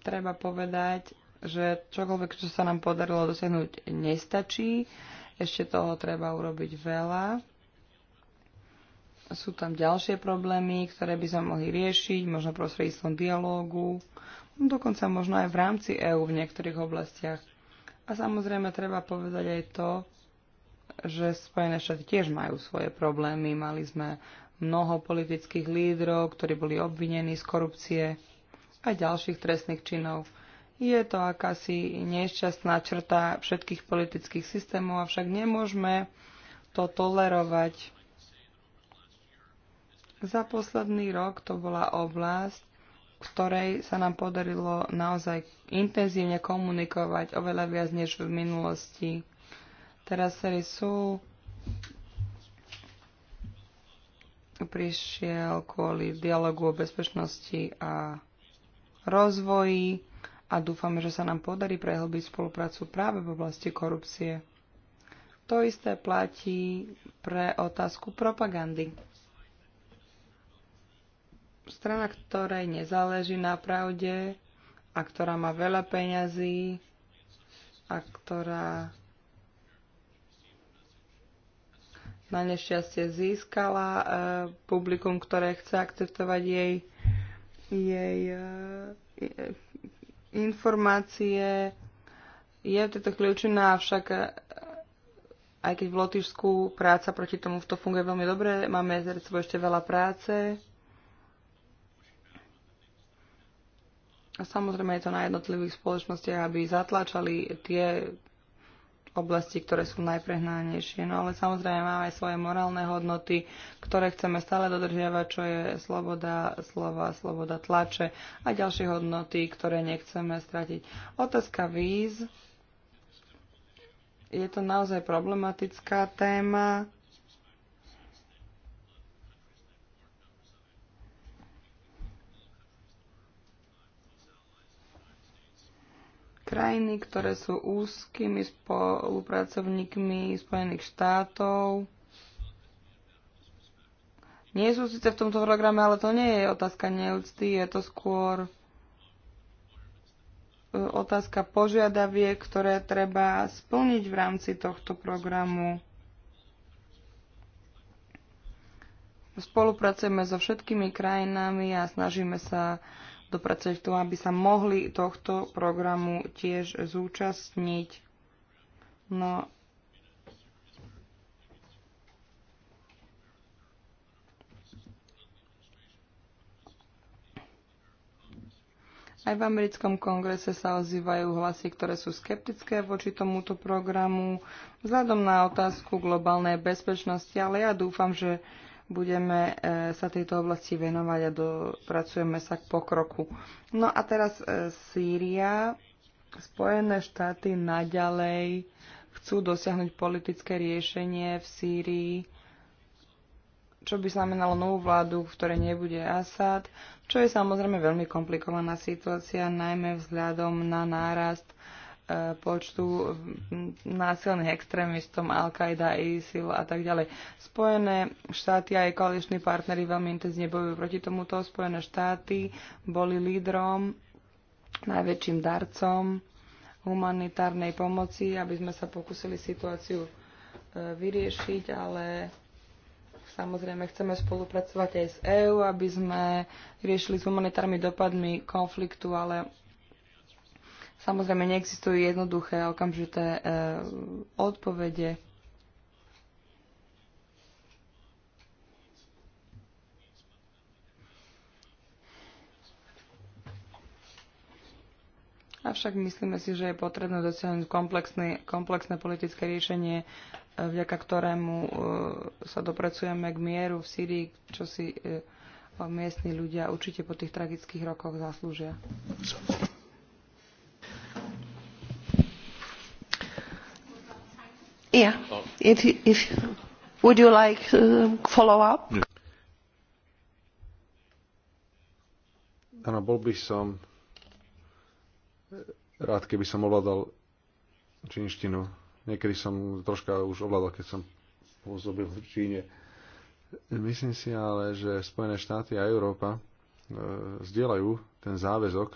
Treba povedať, že čokoľvek, čo sa nám podarilo dosiahnuť, nestačí. Ešte toho treba urobiť veľa. Sú tam ďalšie problémy, ktoré by sme mohli riešiť, možno prostredníctvom dialógu, dokonca možno aj v rámci EÚ v niektorých oblastiach. A samozrejme treba povedať aj to, že Spojené štáty tiež majú svoje problémy. Mali sme mnoho politických lídrov, ktorí boli obvinení z korupcie a ďalších trestných činov. Je to akási nešťastná črta všetkých politických systémov, avšak nemôžeme to tolerovať. Za posledný rok to bola oblasť, ktorej sa nám podarilo naozaj intenzívne komunikovať oveľa viac než v minulosti. Teraz sú prišiel kvôli dialogu o bezpečnosti a rozvoji a dúfame, že sa nám podarí prehlbiť spoluprácu práve v oblasti korupcie. To isté platí pre otázku propagandy strana, ktorej nezáleží na pravde a ktorá má veľa peňazí a ktorá na nešťastie získala e, publikum, ktoré chce akceptovať jej, jej e, informácie. Je v tejto chvíli účinná, no avšak e, aj keď v Lotyšsku práca proti tomu to funguje veľmi dobre, máme pred sebou ešte veľa práce A samozrejme je to na jednotlivých spoločnostiach, aby zatlačali tie oblasti, ktoré sú najprehnanejšie. No ale samozrejme máme aj svoje morálne hodnoty, ktoré chceme stále dodržiavať, čo je sloboda slova, sloboda tlače a ďalšie hodnoty, ktoré nechceme stratiť. Otázka víz. Je to naozaj problematická téma Krajiny, ktoré sú úzkými spolupracovníkmi Spojených štátov, nie sú síce v tomto programe, ale to nie je otázka neúcty, je to skôr e, otázka požiadaviek, ktoré treba splniť v rámci tohto programu. Spolupracujeme so všetkými krajinami a snažíme sa dopracovať k tomu, aby sa mohli tohto programu tiež zúčastniť. No Aj v americkom kongrese sa ozývajú hlasy, ktoré sú skeptické voči tomuto programu vzhľadom na otázku globálnej bezpečnosti, ale ja dúfam, že budeme e, sa tejto oblasti venovať a dopracujeme sa k pokroku. No a teraz e, Sýria. Spojené štáty naďalej chcú dosiahnuť politické riešenie v Sýrii, čo by znamenalo novú vládu, v ktorej nebude Asad, čo je samozrejme veľmi komplikovaná situácia, najmä vzhľadom na nárast počtu násilných extrémistom Al-Qaida, ISIL a tak ďalej. Spojené štáty a aj koaliční partnery veľmi intenzívne bojujú proti tomuto. Spojené štáty boli lídrom, najväčším darcom humanitárnej pomoci, aby sme sa pokúsili situáciu e, vyriešiť, ale samozrejme chceme spolupracovať aj s EÚ, aby sme riešili s humanitárnymi dopadmi konfliktu, ale Samozrejme, neexistujú jednoduché a okamžité e, odpovede. Avšak myslíme si, že je potrebné dosiahnuť komplexné, politické riešenie, e, vďaka ktorému e, sa dopracujeme k mieru v Sýrii, čo si e, miestni ľudia určite po tých tragických rokoch zaslúžia. would you like uh, follow up? Áno, bol by som eh, rád, keby som ovládal čínštinu. Niekedy som troška už ovládal, keď som pôsobil v Číne. Myslím si ale, že Spojené štáty a Európa e, zdieľajú ten záväzok,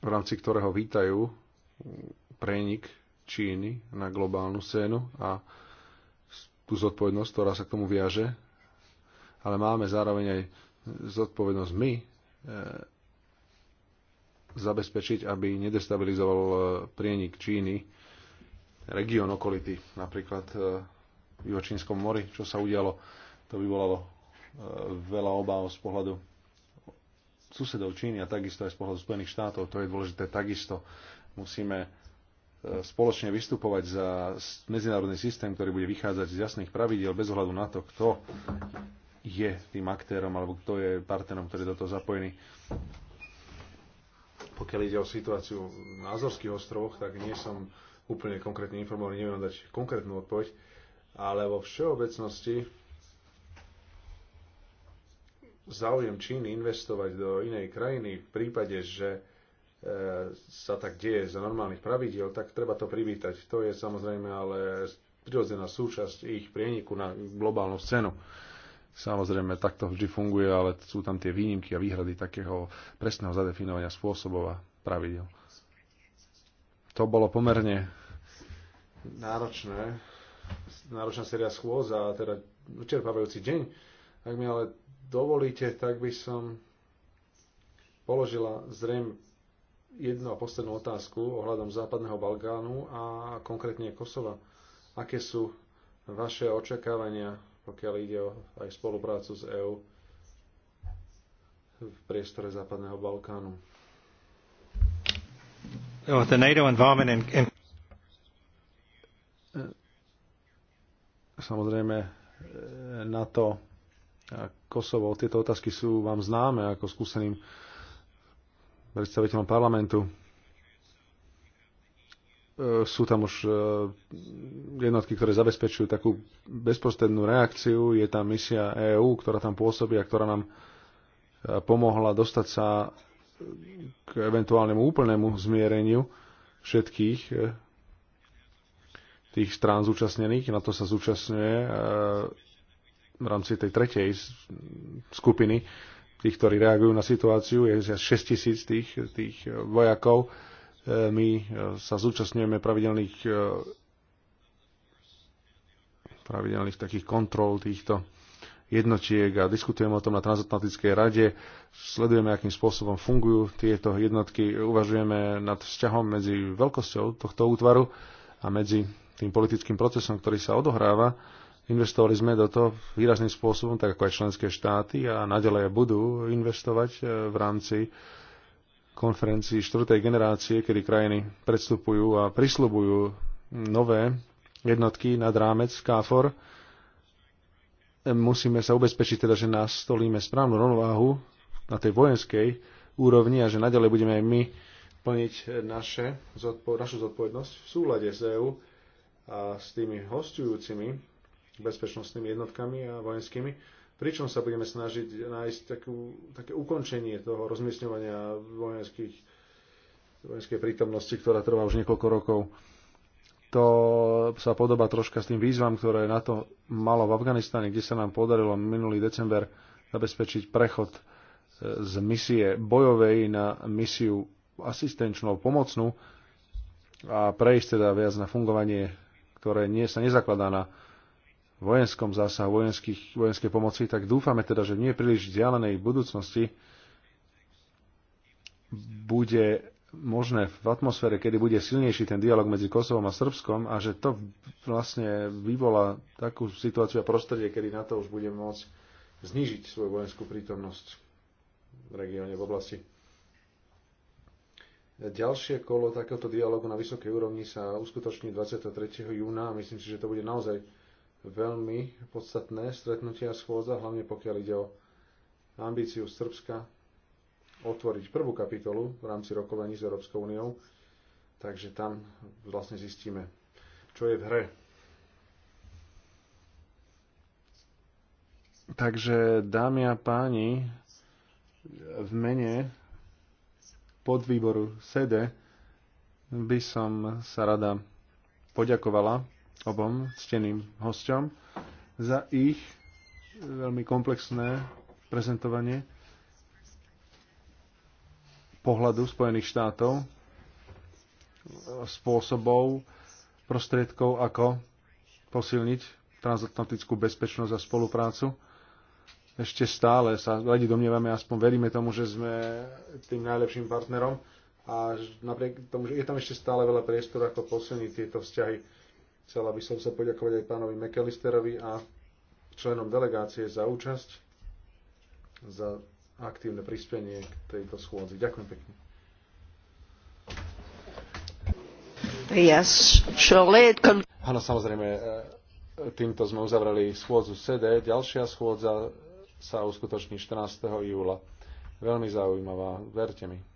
v rámci ktorého vítajú mm, prenik Číny na globálnu scénu a tú zodpovednosť, ktorá sa k tomu viaže, ale máme zároveň aj zodpovednosť my e, zabezpečiť, aby nedestabilizoval eh, prienik Číny región okolity, napríklad e, v Juhočínskom mori, čo sa udialo, to vyvolalo e, veľa obáv z pohľadu susedov Číny a takisto aj z pohľadu Spojených štátov, to je dôležité takisto. Musíme E, spoločne vystupovať za medzinárodný systém, ktorý bude vychádzať z jasných pravidiel bez ohľadu na to, kto je tým aktérom alebo kto je partnerom, ktorý je do toho zapojený. Pokiaľ ide o situáciu na Azorských ostrovoch, tak nie som úplne konkrétne informovaný, neviem dať konkrétnu odpoveď, ale vo všeobecnosti záujem Číny investovať do inej krajiny v prípade, že E, sa tak deje za normálnych pravidiel, tak treba to privítať. To je samozrejme ale prirodzená súčasť ich prieniku na globálnu scénu. Samozrejme, takto vždy funguje, ale sú tam tie výnimky a výhrady takého presného zadefinovania spôsobov a pravidel. To bolo pomerne náročné, náročná séria schôz a teda učerpávajúci deň. Ak mi ale dovolíte, tak by som položila zrejme jednu a poslednú otázku ohľadom Západného Balkánu a konkrétne Kosova. Aké sú vaše očakávania, pokiaľ ide o aj spoluprácu s EÚ v priestore Západného Balkánu? Oh, the NATO in, in... E, samozrejme, e, na to Kosovo, tieto otázky sú vám známe ako skúseným predstaviteľom parlamentu. E, sú tam už e, jednotky, ktoré zabezpečujú takú bezprostrednú reakciu. Je tam misia EÚ, ktorá tam pôsobí a ktorá nám e, pomohla dostať sa k eventuálnemu úplnému zmiereniu všetkých tých strán zúčastnených. Na to sa zúčastňuje v rámci tej tretej skupiny tých, ktorí reagujú na situáciu, je 6 tisíc tých, tých e, vojakov. E, my e, sa zúčastňujeme pravidelných pravidelných takých kontrol týchto jednotiek a diskutujeme o tom na transatlantickej rade, sledujeme, akým spôsobom fungujú tieto jednotky, uvažujeme nad vzťahom medzi veľkosťou tohto útvaru a medzi tým politickým procesom, ktorý sa odohráva Investovali sme do toho výrazným spôsobom, tak ako aj členské štáty a nadalej budú investovať e, v rámci konferencii štvrtej generácie, kedy krajiny predstupujú a prislubujú nové jednotky nad rámec KFOR. E, musíme sa ubezpečiť teda, že nastolíme správnu rovnováhu na tej vojenskej úrovni a že naďalej budeme aj my plniť e, naše, našu zodpovednosť v súlade s EÚ a s tými hostujúcimi bezpečnostnými jednotkami a vojenskými, pričom sa budeme snažiť nájsť takú, také ukončenie toho rozmiestňovania vojenských, vojenskej prítomnosti, ktorá trvá už niekoľko rokov. To sa podoba troška s tým výzvam, ktoré na to malo v Afganistane, kde sa nám podarilo minulý december zabezpečiť prechod e, z misie bojovej na misiu asistenčnou, pomocnú a prejsť teda viac na fungovanie, ktoré nie, sa nezakladá na vojenskom zásahu, vojenskej pomoci, tak dúfame teda, že v nie príliš vzdialenej budúcnosti bude možné v atmosfére, kedy bude silnejší ten dialog medzi Kosovom a Srbskom a že to vlastne vyvolá takú situáciu a prostredie, kedy na to už bude môcť znížiť svoju vojenskú prítomnosť v regióne, v oblasti. Ďalšie kolo takéhoto dialogu na vysokej úrovni sa uskutoční 23. júna a myslím si, že to bude naozaj veľmi podstatné stretnutia a schôdza, hlavne pokiaľ ide o ambíciu Srbska otvoriť prvú kapitolu v rámci rokovaní s Európskou úniou. Takže tam vlastne zistíme, čo je v hre. Takže, dámy a páni, v mene podvýboru SEDE by som sa rada poďakovala obom steným hosťom za ich eh, veľmi komplexné prezentovanie pohľadu Spojených štátov, eh, spôsobov, prostriedkov, ako posilniť transatlantickú bezpečnosť a spoluprácu. Ešte stále sa radi domnievame, aspoň veríme tomu, že sme tým najlepším partnerom a napriek tomu, že je tam ešte stále veľa priestoru, ako posilniť tieto vzťahy Chcela by som sa poďakovať aj pánovi McAllisterovi a členom delegácie za účasť, za aktívne prispenie k tejto schôdzi. Ďakujem pekne. Áno, samozrejme, e, týmto sme uzavreli schôdzu CD. Ďalšia schôdza sa uskutoční 14. júla. Veľmi zaujímavá, verte mi.